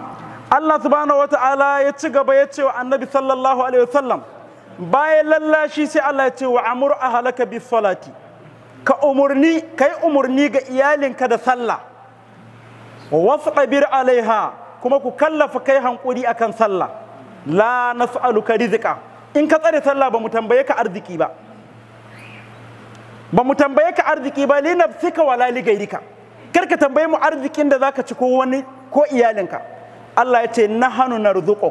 Allah subhanahu wa ta'ala ya ci gaba ya ce wa annabi sallallahu alaihi wasallam bayan lallashi sai Allah ya ce wa amur ahalaka bi salati ka umurni kai umurni ga iyalinka da sallah wa wasqabir alaiha kuma ku kallafa kai hankuri akan sallah la nas'aluka rizqa in ka tsare sallah ba mu tambaye ka arziki ba ba mu tambaye ka arziki ba Lina sika wala li gairika kar ka tambaye mu arzikin da zaka ci ko wani ko iyalinka Allah ya ce na narzuquk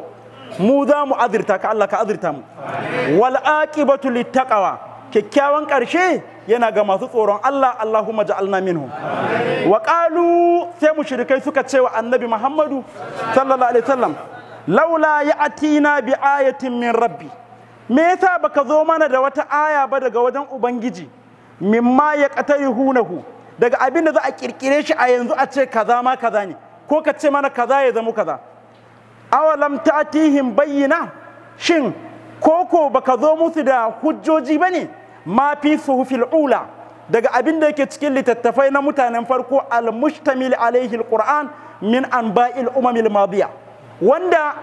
mu za mu azirta ka Allah ka azirta mu wal aqibatu littaqwa kyakkyawan ƙarshe yana ga masu tsoron Allah Allahumma ja'alna minhum wa qalu sai mushrikai suka ce wa annabi Muhammadu sallallahu alaihi wasallam laula ya'tina bi ayatin min rabbi me yasa baka zo mana da wata aya ba daga wajen ubangiji mimma ya hunahu daga abin da za a kirkire shi a yanzu a ce kaza ma kaza ne ko ka ce mana kaza ya zama kaza awalam ta'tihim bayyina shin koko baka zo musu da hujjoji bane ma fi suhufil ula daga abin da yake cikin littattafai na mutanen farko al-mustamil alaihi al-qur'an min anba'il umamil madiya wanda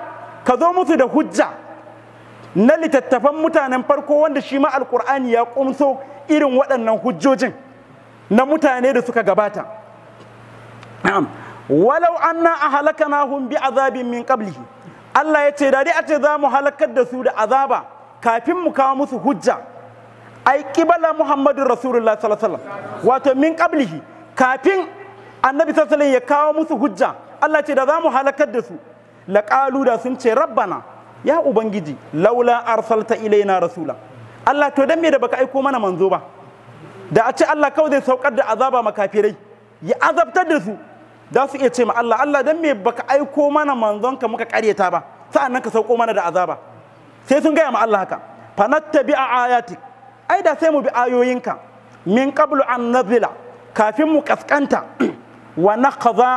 ka zo musu da hujja na littattafan mutanen farko wanda shi ma al alkur'ani ya kumso irin waɗannan hujjojin na mutane da suka gabata na'am walau anna ahlaknahum bi azabin min qablihi Allah ya ce da dai a ce za mu halakar da su da azaba kafin mu kawo musu hujja ai bala muhammadu rasulullah sallallahu alaihi wasallam wato min qablihi kafin annabi sallallahu ya kawo musu hujja Allah ce da za mu halakar da su laqalu da sun ce rabbana ya ubangiji laula arsalta ilaina rasula Allah to dan me da baka aiko mana manzo ba da a ce Allah kawai zai saukar da azaba makafirai ya azabtar da su za su iya ce ma Allah Allah dan me baka aiko mana manzonka muka karyata ba sa'annan ka sauko mana da azaba sai sun gaya ma Allah haka a ayatik ai da sai mu bi ayoyinka min qablu an nazila kafin mu kaskanta wa naqza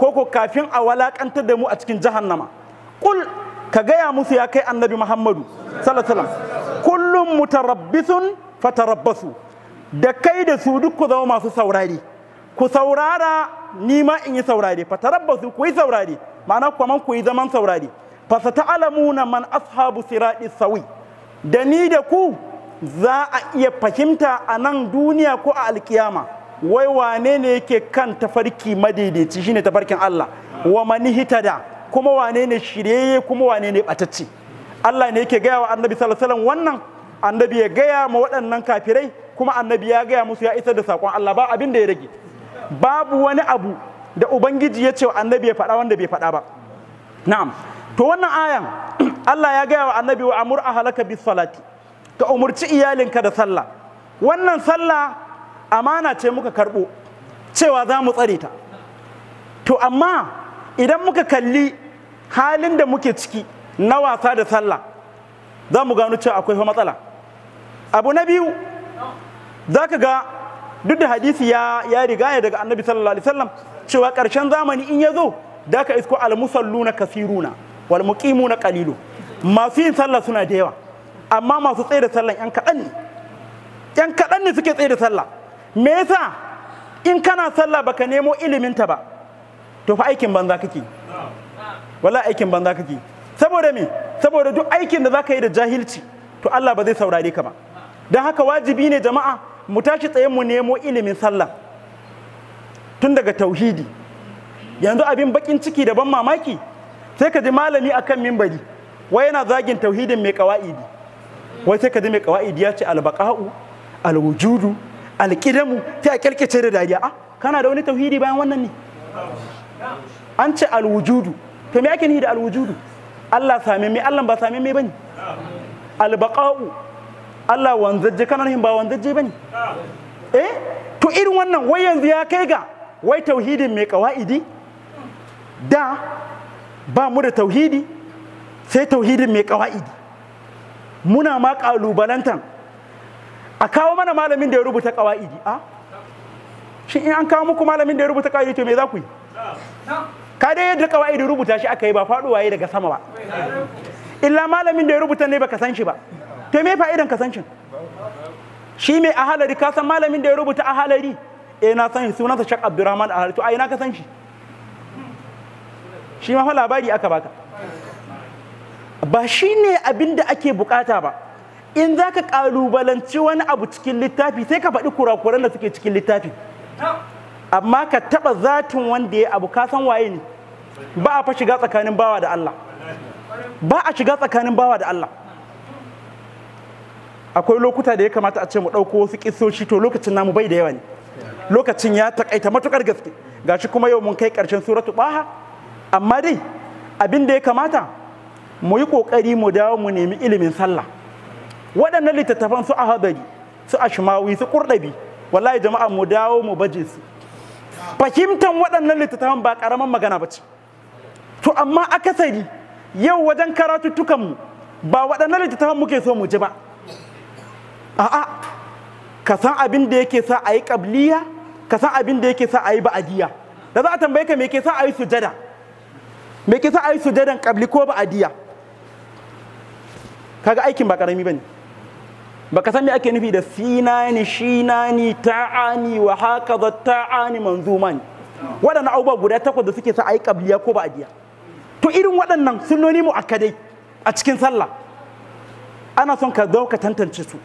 ko ko kafin a walakantar da mu a cikin jahannama kul ka gaya musu ya kai annabi muhammadu sallallahu alaihi wasallam kullum mutarabbisun fatarabbasu da kai da su duk ku zama masu saurari ku saurara ni ma in yi saurari fatarabbasu ku yi saurari ma'ana kuma ku yi zaman saurari fasata'alamuna man ashabu sirati sawi da ni da ku za a iya fahimta a nan duniya ko a alkiyama wai wane ne yake kan tafarki madaidaici shine tafarkin Allah wa hita da kuma wane ne shirye kuma wane ne batacci Allah ne yake gaya wa annabi sallallahu alaihi wannan annabi ya gaya ma waɗannan kafirai kuma annabi ya gaya musu ya isar da saƙon Allah ba abin da ya rage babu wani abu da ubangiji ya ce wa annabi ya faɗa wanda bai faɗa ba na'am to wannan ayan Allah ya gaya wa annabi wa amur ahlaka bis salati ka umurci iyalinka da sallah wannan sallah amana ce muka karɓo cewa za mu tsare ta to amma idan muka kalli halin da muke ciki na wasa da sallah za mu gano cewa akwai matsala abu na biyu za ka ga duk da hadisi ya ya rigaya daga annabi sallallahu alaihi wasallam cewa ƙarshen zamani in ya zo da ka isko almusalluna kasiruna walmuqimuna na qalilu masu yin sallah suna da yawa amma masu tsaye da sallan yan kaɗan ne yan kaɗan ne suke tsaye da sallah me yasa in kana sallah baka nemo ilimin ta ba to fa aikin banza kake wala aikin banza kake saboda me saboda duk aikin da zaka yi da jahilci to Allah ba zai saurare ka ba don haka wajibi ne jama'a mu tashi tsaye mu nemo ilimin sallah tun daga tauhidi yanzu abin bakin ciki da ban mamaki sai ka ji malami akan mimbari wai yana zagin tauhidin mai kawa'idi wai sai ka ji mai qawaid ya ce albaqa'u alwujudu alqidamu ta kalkace da dariya ah kana da wani tauhidi bayan wannan ne an ce alwujudu to me ake nihi da alwujudu Allah same me Allah ba same me bane albaqa'u Allah wanzaje kana nihin ba wanzaje bane eh to irin wannan wai yanzu ya kai ga wai tauhidin mai kawaidi da ba mu da tauhidi sai tauhidin mai kawaidi muna ma ƙalubalantan a kawo mana malamin da ya rubuta ƙawa'idi a shi in an kawo muku malamin da ya rubuta ƙawa'idi to me za ku yi ka dai yadda ƙawa'idi rubuta shi aka yi ba faɗuwa yi daga sama ba illa malamin da ya rubuta ne baka san shi ba to me fa'idan ka san shi shi mai ahalari ka san malamin da ya rubuta ahalari E, na san shi sunansa Sheikh a Ahalari to ai na ka san shi shi ma fa labari aka baka ba shi ne abin da ake bukata ba in za ka kalubalanci wani abu cikin littafi sai ka faɗi kurakuran da suke cikin littafi amma ka taɓa zatin wanda ya abu ka san waye ne ba a fa shiga tsakanin bawa da Allah ba a shiga tsakanin bawa da Allah akwai lokuta da ya kamata a ce mu ɗauko wasu ƙisoshi to lokacin namu bai da yawa ne lokacin ya taƙaita matuƙar gaske gashi kuma yau mun kai ƙarshen suratu baha amma dai abin da ya kamata mu yi ƙoƙari mu dawo mu nemi ilimin sallah waɗannan littattafan su ahabari su ashmawi su kurɗabi wallahi jama'a mu dawo mu baje su fahimtan waɗannan littattafan ba ƙaramin magana ba ce to amma akasari yau wajen karatuttukanmu ba waɗannan littattafan muke so mu ji ba a'a ka san abin da yake sa a yi ƙabliya ka san abin da yake sa a yi ba'adiyya da za a tambaye ka me ke sa a yi sujada me ke sa a yi sujadan ƙabli ko ba'adiyya kaga aikin ba karami bane baka san me ake nufi da sinani shinani ta'ani wa hakaza ta'ani manzuman waɗannan abubuwa guda takwas da suke sa ayi qabliya ko ba adiya to irin waɗannan sunnoni mu akadai a cikin sallah ana son ka zo ka tantance su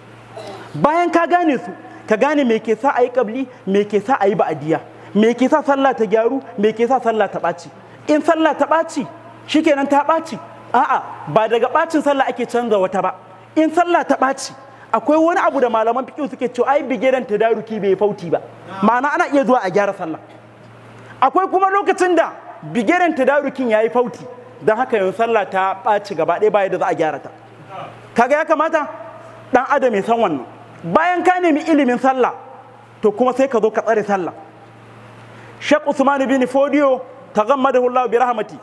bayan ka gane su ka gane me ke sa ayi kabli me ke sa ayi ba'adiya me ke sa sallah ta gyaru me ke sa sallah ta baci in sallah ta ɓaci shikenan ta ɓaci a'a ba daga ɓacin sallah ake canza wata ba in sallah ta ɓaci akwai wani abu da malaman fiqh suke cewa ai bigiran tadaruki bai fauti ba ma'ana ana iya zuwa a gyara sallah akwai kuma lokacin da bigiran tadarukin yayi fauti don haka yanzu sallah ta ɓaci gaba ɗaya bayan da za a gyara ta kaga ya kamata dan adam ya san wannan bayan ka nemi ilimin sallah to kuma sai ka zo ka tsare sallah Sheikh Usman bin Fodiyo tagammadahu Allah bi rahmati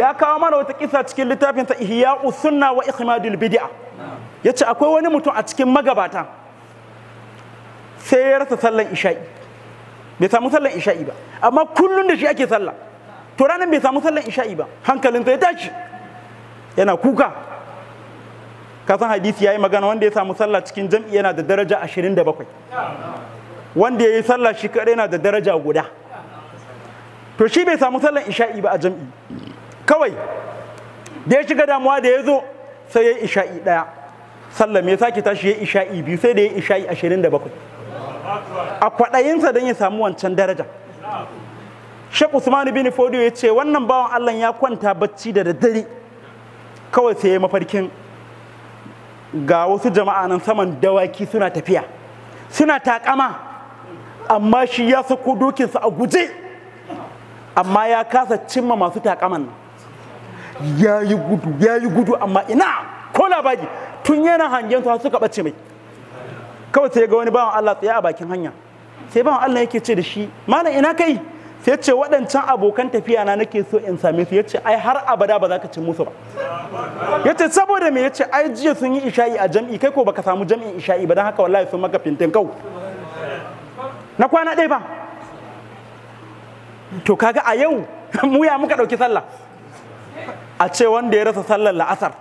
ya kawo mana wata kisa cikin littafin ta ihya'u sunna wa ikhmadul bid'a yace akwai wani mutum a cikin magabata sai ya rasa sallan isha'i bai samu sallan isha'i ba amma kullun da shi ake salla. to ranan bai samu sallan isha'i ba hankalin ya tashi yana kuka ka san hadisi yayi magana wanda ya samu sallah cikin jam'i yana da daraja 27 wanda yayi sallah shi kadai yana da daraja guda to shi bai samu sallan isha'i ba a jam'i kawai da ya shiga damuwa da ya zo sai ya yi isha'i ɗaya sallam ya sake tashi ya yi isha'i biyu sai da ya yi isha'i ashirin da bakwai a kwaɗayinsa don ya samu wancan daraja Sheikh Usman bin Fodio ya ce wannan bawan Allah ya kwanta bacci da daddare kawai sai ya mafarkin ga wasu jama'a nan saman dawaki suna tafiya suna takama amma shi ya sako dokinsa a guje amma ya kasa cimma masu takaman ya yi gudu ya yi gudu amma ina ko labari tun yana hangen su suka ɓace mai kawai sai ga wani bawan Allah tsaye a bakin hanya sai bawan Allah yake ce da shi malam ina kai sai ya ce waɗancan abokan tafiya na nake so in same su Ya ce ai har abada ba za ka ci musu ba Ya ce saboda me ya ce ai jiya sun yi isha'i a jam'i kai ko baka samu jam'in isha'i ba dan haka wallahi sun maka fintin kau na kwana ɗaya ba to kaga a yau mu ya muka ɗauki sallah a ce wanda ya rasa sallar la'asar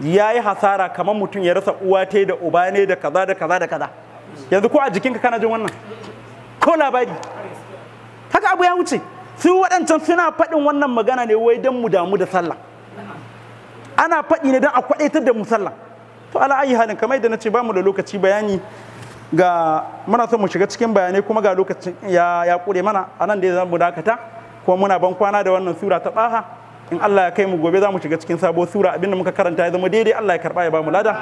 ya yi hasara kamar mutum ya rasa uwa ta da uba ne da kaza da kaza da kaza yanzu ko a jikinka kana jin wannan ko labari haka abu ya wuce su waɗancan suna faɗin wannan magana ne wai don mu damu da sallah ana faɗi ne don a ta da mu sallah to ala ayi halin kamar yadda na ce ba mu da lokaci bayani ga muna son mu shiga cikin bayanai kuma ga lokacin ya ya kure mana nan da zama mu dakata kuma muna ban kwana da wannan sura ta baha in Allah ya kai mu gobe za mu shiga cikin sabo sura abinda muka karanta ya zama daidai Allah ya karba ya ba mu lada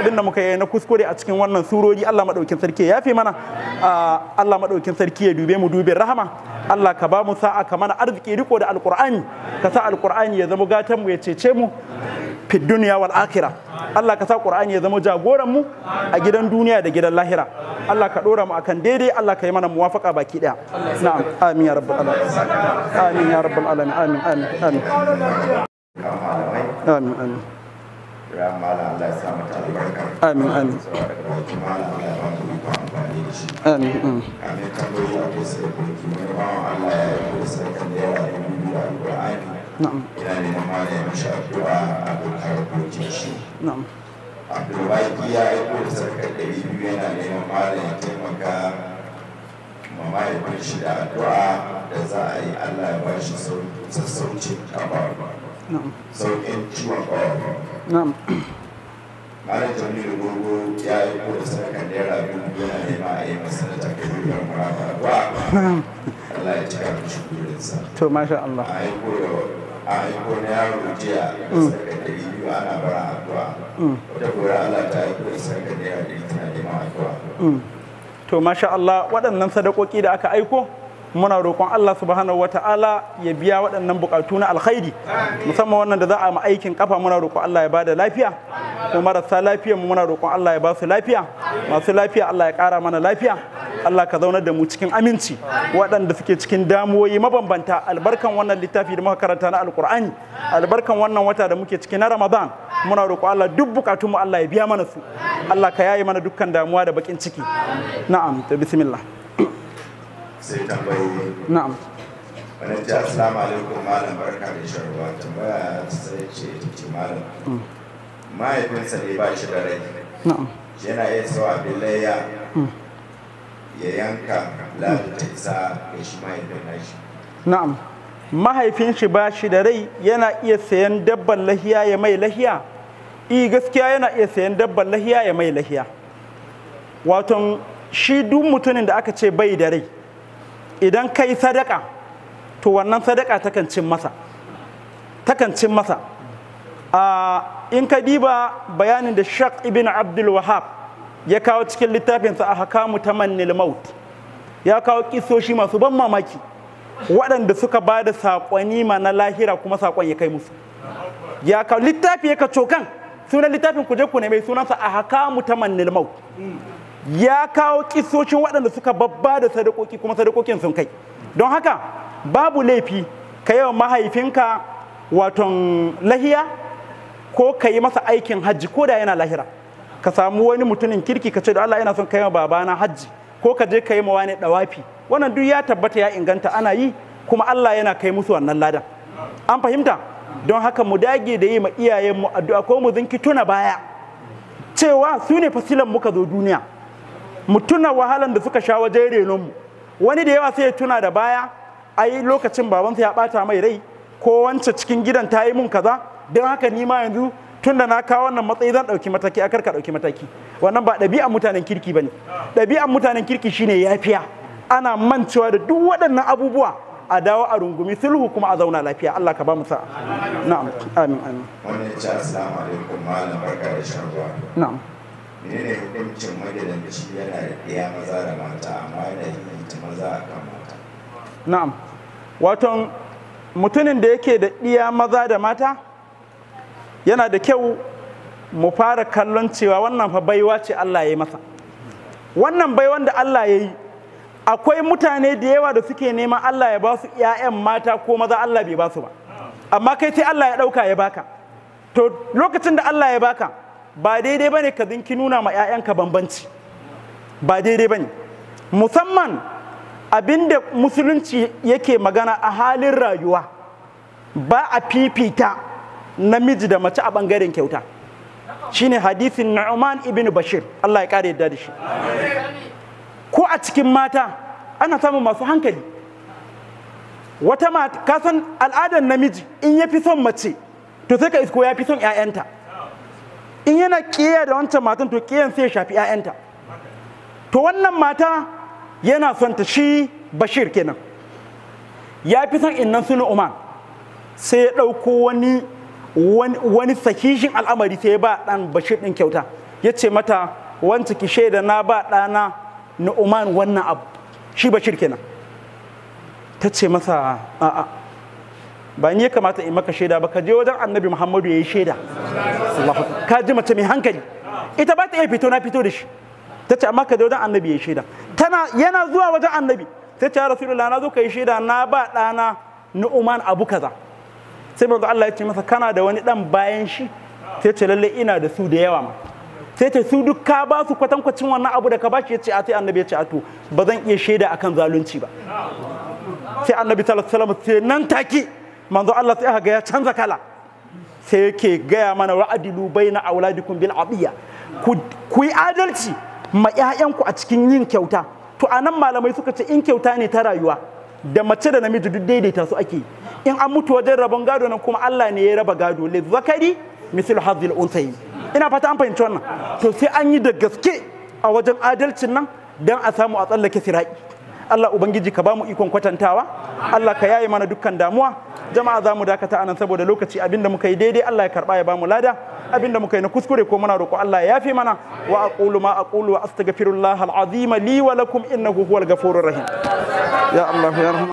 abinda muka yi na kuskure a cikin wannan surori Allah madaukin sarki ya fi mana Allah madaukin sarki ya dube mu dube rahama Allah ka ba mu sa'a ka mana arziki riko da alqur'ani ka sa alqur'ani ya zama gatan mu ya cece mu fi duniya wal akhirah Allah ka sa qur'ani ya zama jagoran mu a gidan duniya da gidan lahira Allah ka dora mu akan daidai Allah ka yi mana muwafaka baki daya na'am amin ya rabbal alamin amin ya rabbal alamin amin amin amin kan malamai amin amin ran malam Allah amin amin amin amin amin yana neman malam mahaifin shi da addu'a da za a yi Allah ya ba shi sassaucin kafa sauƙin ciwon kafa Malam Jamilu Gogo ya yi ko da sarkar naira dubu yana nema a yi masa da takardar murafa ba Allah ya cika mishi burinsa. To masha Allah. A yi ko da a yi ko na yaro jiya mm. sarkar dari biyu ana bara addu'a. Mm. Wata gora Allah ta yi ko da sarkar naira dari tana nema addu'a. Mm. to masha Allah waɗannan sadakoki da aka aiko muna roƙon Allah subhanahu ta'ala ya biya waɗannan buƙatu na alkhairi musamman wannan da za a aikin ƙafa muna roƙon Allah ya ba da lafiya ko marasa lafiya muna roƙon Allah ya ba su lafiya masu lafiya Allah ya ƙara mana lafiya Allah ka zaunar da mu cikin aminci waɗanda suke cikin damuwoyi mabambanta albarkan wannan littafi da muka karanta na alkur'ani albarkan wannan wata da muke ciki na ramadan muna roƙo Allah duk bukatun mu Allah ya biya mana su Allah ka yaye mana dukkan damuwa da bakin ciki na'am ta bismillah sai tambayi na'am wani ta assalamu alaikum malam barka da sharwa tambaya sai ce ce malam mm. mahaifinsa ne ba shi da rai yana iya sawa bilayya ya yanka lada isa ga shi nashi na'am mahaifin shi ba shi da rai yana iya sayan dabban lahiya ya mai lahiya i gaskiya yana iya sayan dabban lahiya ya mai lahiya waton shi duk mutumin da aka ce bai da rai idan ka yi sadaka to wannan sadaka takan cin masa takan cin masa ah, in ka diba bayanin da shaq ibn abdul wahab ya kawo cikin littafinsa a hakamu ta mannil maut ya kawo kisoshi masu ban mamaki waɗanda suka ba da saƙoni ma na lahira kuma saƙon ya kai musu ya kawo littafi ya kaco kan sunan littafin kuje ku mai sunansa a hakamu ta maut ya kawo kisoshin waɗanda suka babba da sadakoki kuma sadakokin sun kai don haka babu laifi ka yawan mahaifinka waton lahiya ko ka yi masa aikin hajji ko da yana lahira ka samu wani mutumin kirki ka ce da Allah yana son kai ma babana hajji ko ka je ka yi ma wani dawafi wannan duk ya tabbata ya inganta ana yi kuma Allah yana kai musu wannan ladan an fahimta don haka mu dage da yi ma iyayen mu addu'a ko mu zinki tuna baya cewa su ne fasilan muka zo duniya mu tuna wahalan da suka sha wajen renon mu wani da yawa sai ya tuna da baya ai lokacin babansa ya bata mai rai ko wance cikin gidan ta yi mun kaza don haka ni ma yanzu da na kawo wannan matsayi zan ɗauki mataki a karka ɗauki mataki wannan ba ɗabi'an mutanen kirki ba ne ɗabi'an mutanen kirki shine yafiya ana mancewa da duk waɗannan abubuwa a dawo a rungumi sulhu kuma a zauna lafiya Allah ka ba mu sa'a na'am amin amin wannan ya ce assalamu alaikum malam barka da shan ruwa na'am menene hukuncin shi yana da iya maza da mata amma yana yi maza akan mata na'am waton mutumin da yake da ɗiya maza da mata yana da kyau mu fara kallon cewa wannan fa baiwa ce Allah ya yi masa wannan baiwan da Allah ya yi akwai mutane da yawa da suke neman Allah ya ba su ‘ya'yan mata ko maza Allah bai ba su ba amma kai sai Allah ya ɗauka ya baka to lokacin da Allah ya baka ba daidai bane ka zinki nuna ma ‘ya'yanka bambanci ba daidai bane musamman abinda musulunci yake magana a halin rayuwa ba a fifita namiji da mace a bangaren kyauta shine hadithin Nu'man ibn Bashir Allah ya kare yadda da shi ko a cikin mata ana samun masu hankali wata mata ka san al'adar namiji in ya fi son mace to sai ka isko ya fi son 'ya'yanta in yana kiyaye da wancan matan to kiyan sai ya shafi 'ya'yanta to wannan mata yana son ta shi Bashir kenan ya fi son innan su Nu'man sai ya ɗauko wani wani sahihin al'amari sai ba ɗan bashir ɗin kyauta ya ce mata wancan ki shaida na ba ɗana na'uman wannan abu shi bashir kenan ta ce masa a'a ba ni ya kamata in maka shaida ba ka je wajen annabi muhammadu ya yi shaida ka ji mace mai hankali ita ba ta iya fito na fito da shi ta ce amma ka je wajen annabi ya yi shaida tana yana zuwa wajen annabi ta ce ya rasulullah na zo ka yi shaida na ba ɗana nu'uman abu kaza sai manzo Allah ya ce masa kana da wani dan bayan shi sai ce lalle ina da su da yawa ma sai ce su duk ka ba su kwatankwacin wannan abu da ka ba shi ya ce a sai annabi ya ce a ba zan iya shaida akan zalunci ba sai annabi sallallahu alaihi sai nan take manzo Allah sai ga ya canza kala sai yake gaya mana wa'adilu baina auladikum bil abiya ku yi adalci ma 'ya'yanku a cikin yin kyauta to anan malamai suka ce in kyauta ne ta rayuwa da mace da namiji duk daidaita su ake in an mutu wajen rabon gado nan kuma Allah ne ya raba gado le zakari misal hadhil unsayi ina fata an fahimci wannan to sai an yi da gaske a wajen adalcin nan dan a samu a tsallake sirai Allah ubangiji ka ba mu ikon kwatantawa Allah ka yaye mana dukkan damuwa jama'a za mu dakata anan saboda lokaci abinda muka yi daidai Allah ya karɓa ya ba mu lada abinda muka yi na kuskure ko muna roƙo Allah ya yafe mana wa ƙulu ma ƙulu wa astaghfirullah al azima li wa lakum innahu huwal ghafurur rahim ya Allah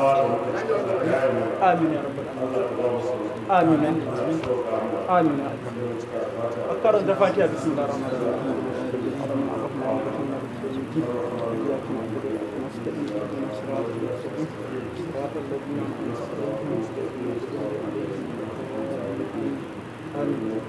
تبارك آمين يا رب العالمين آمين آمين آمين أكرم دفاتها بسم الله الرحمن الرحيم Thank you.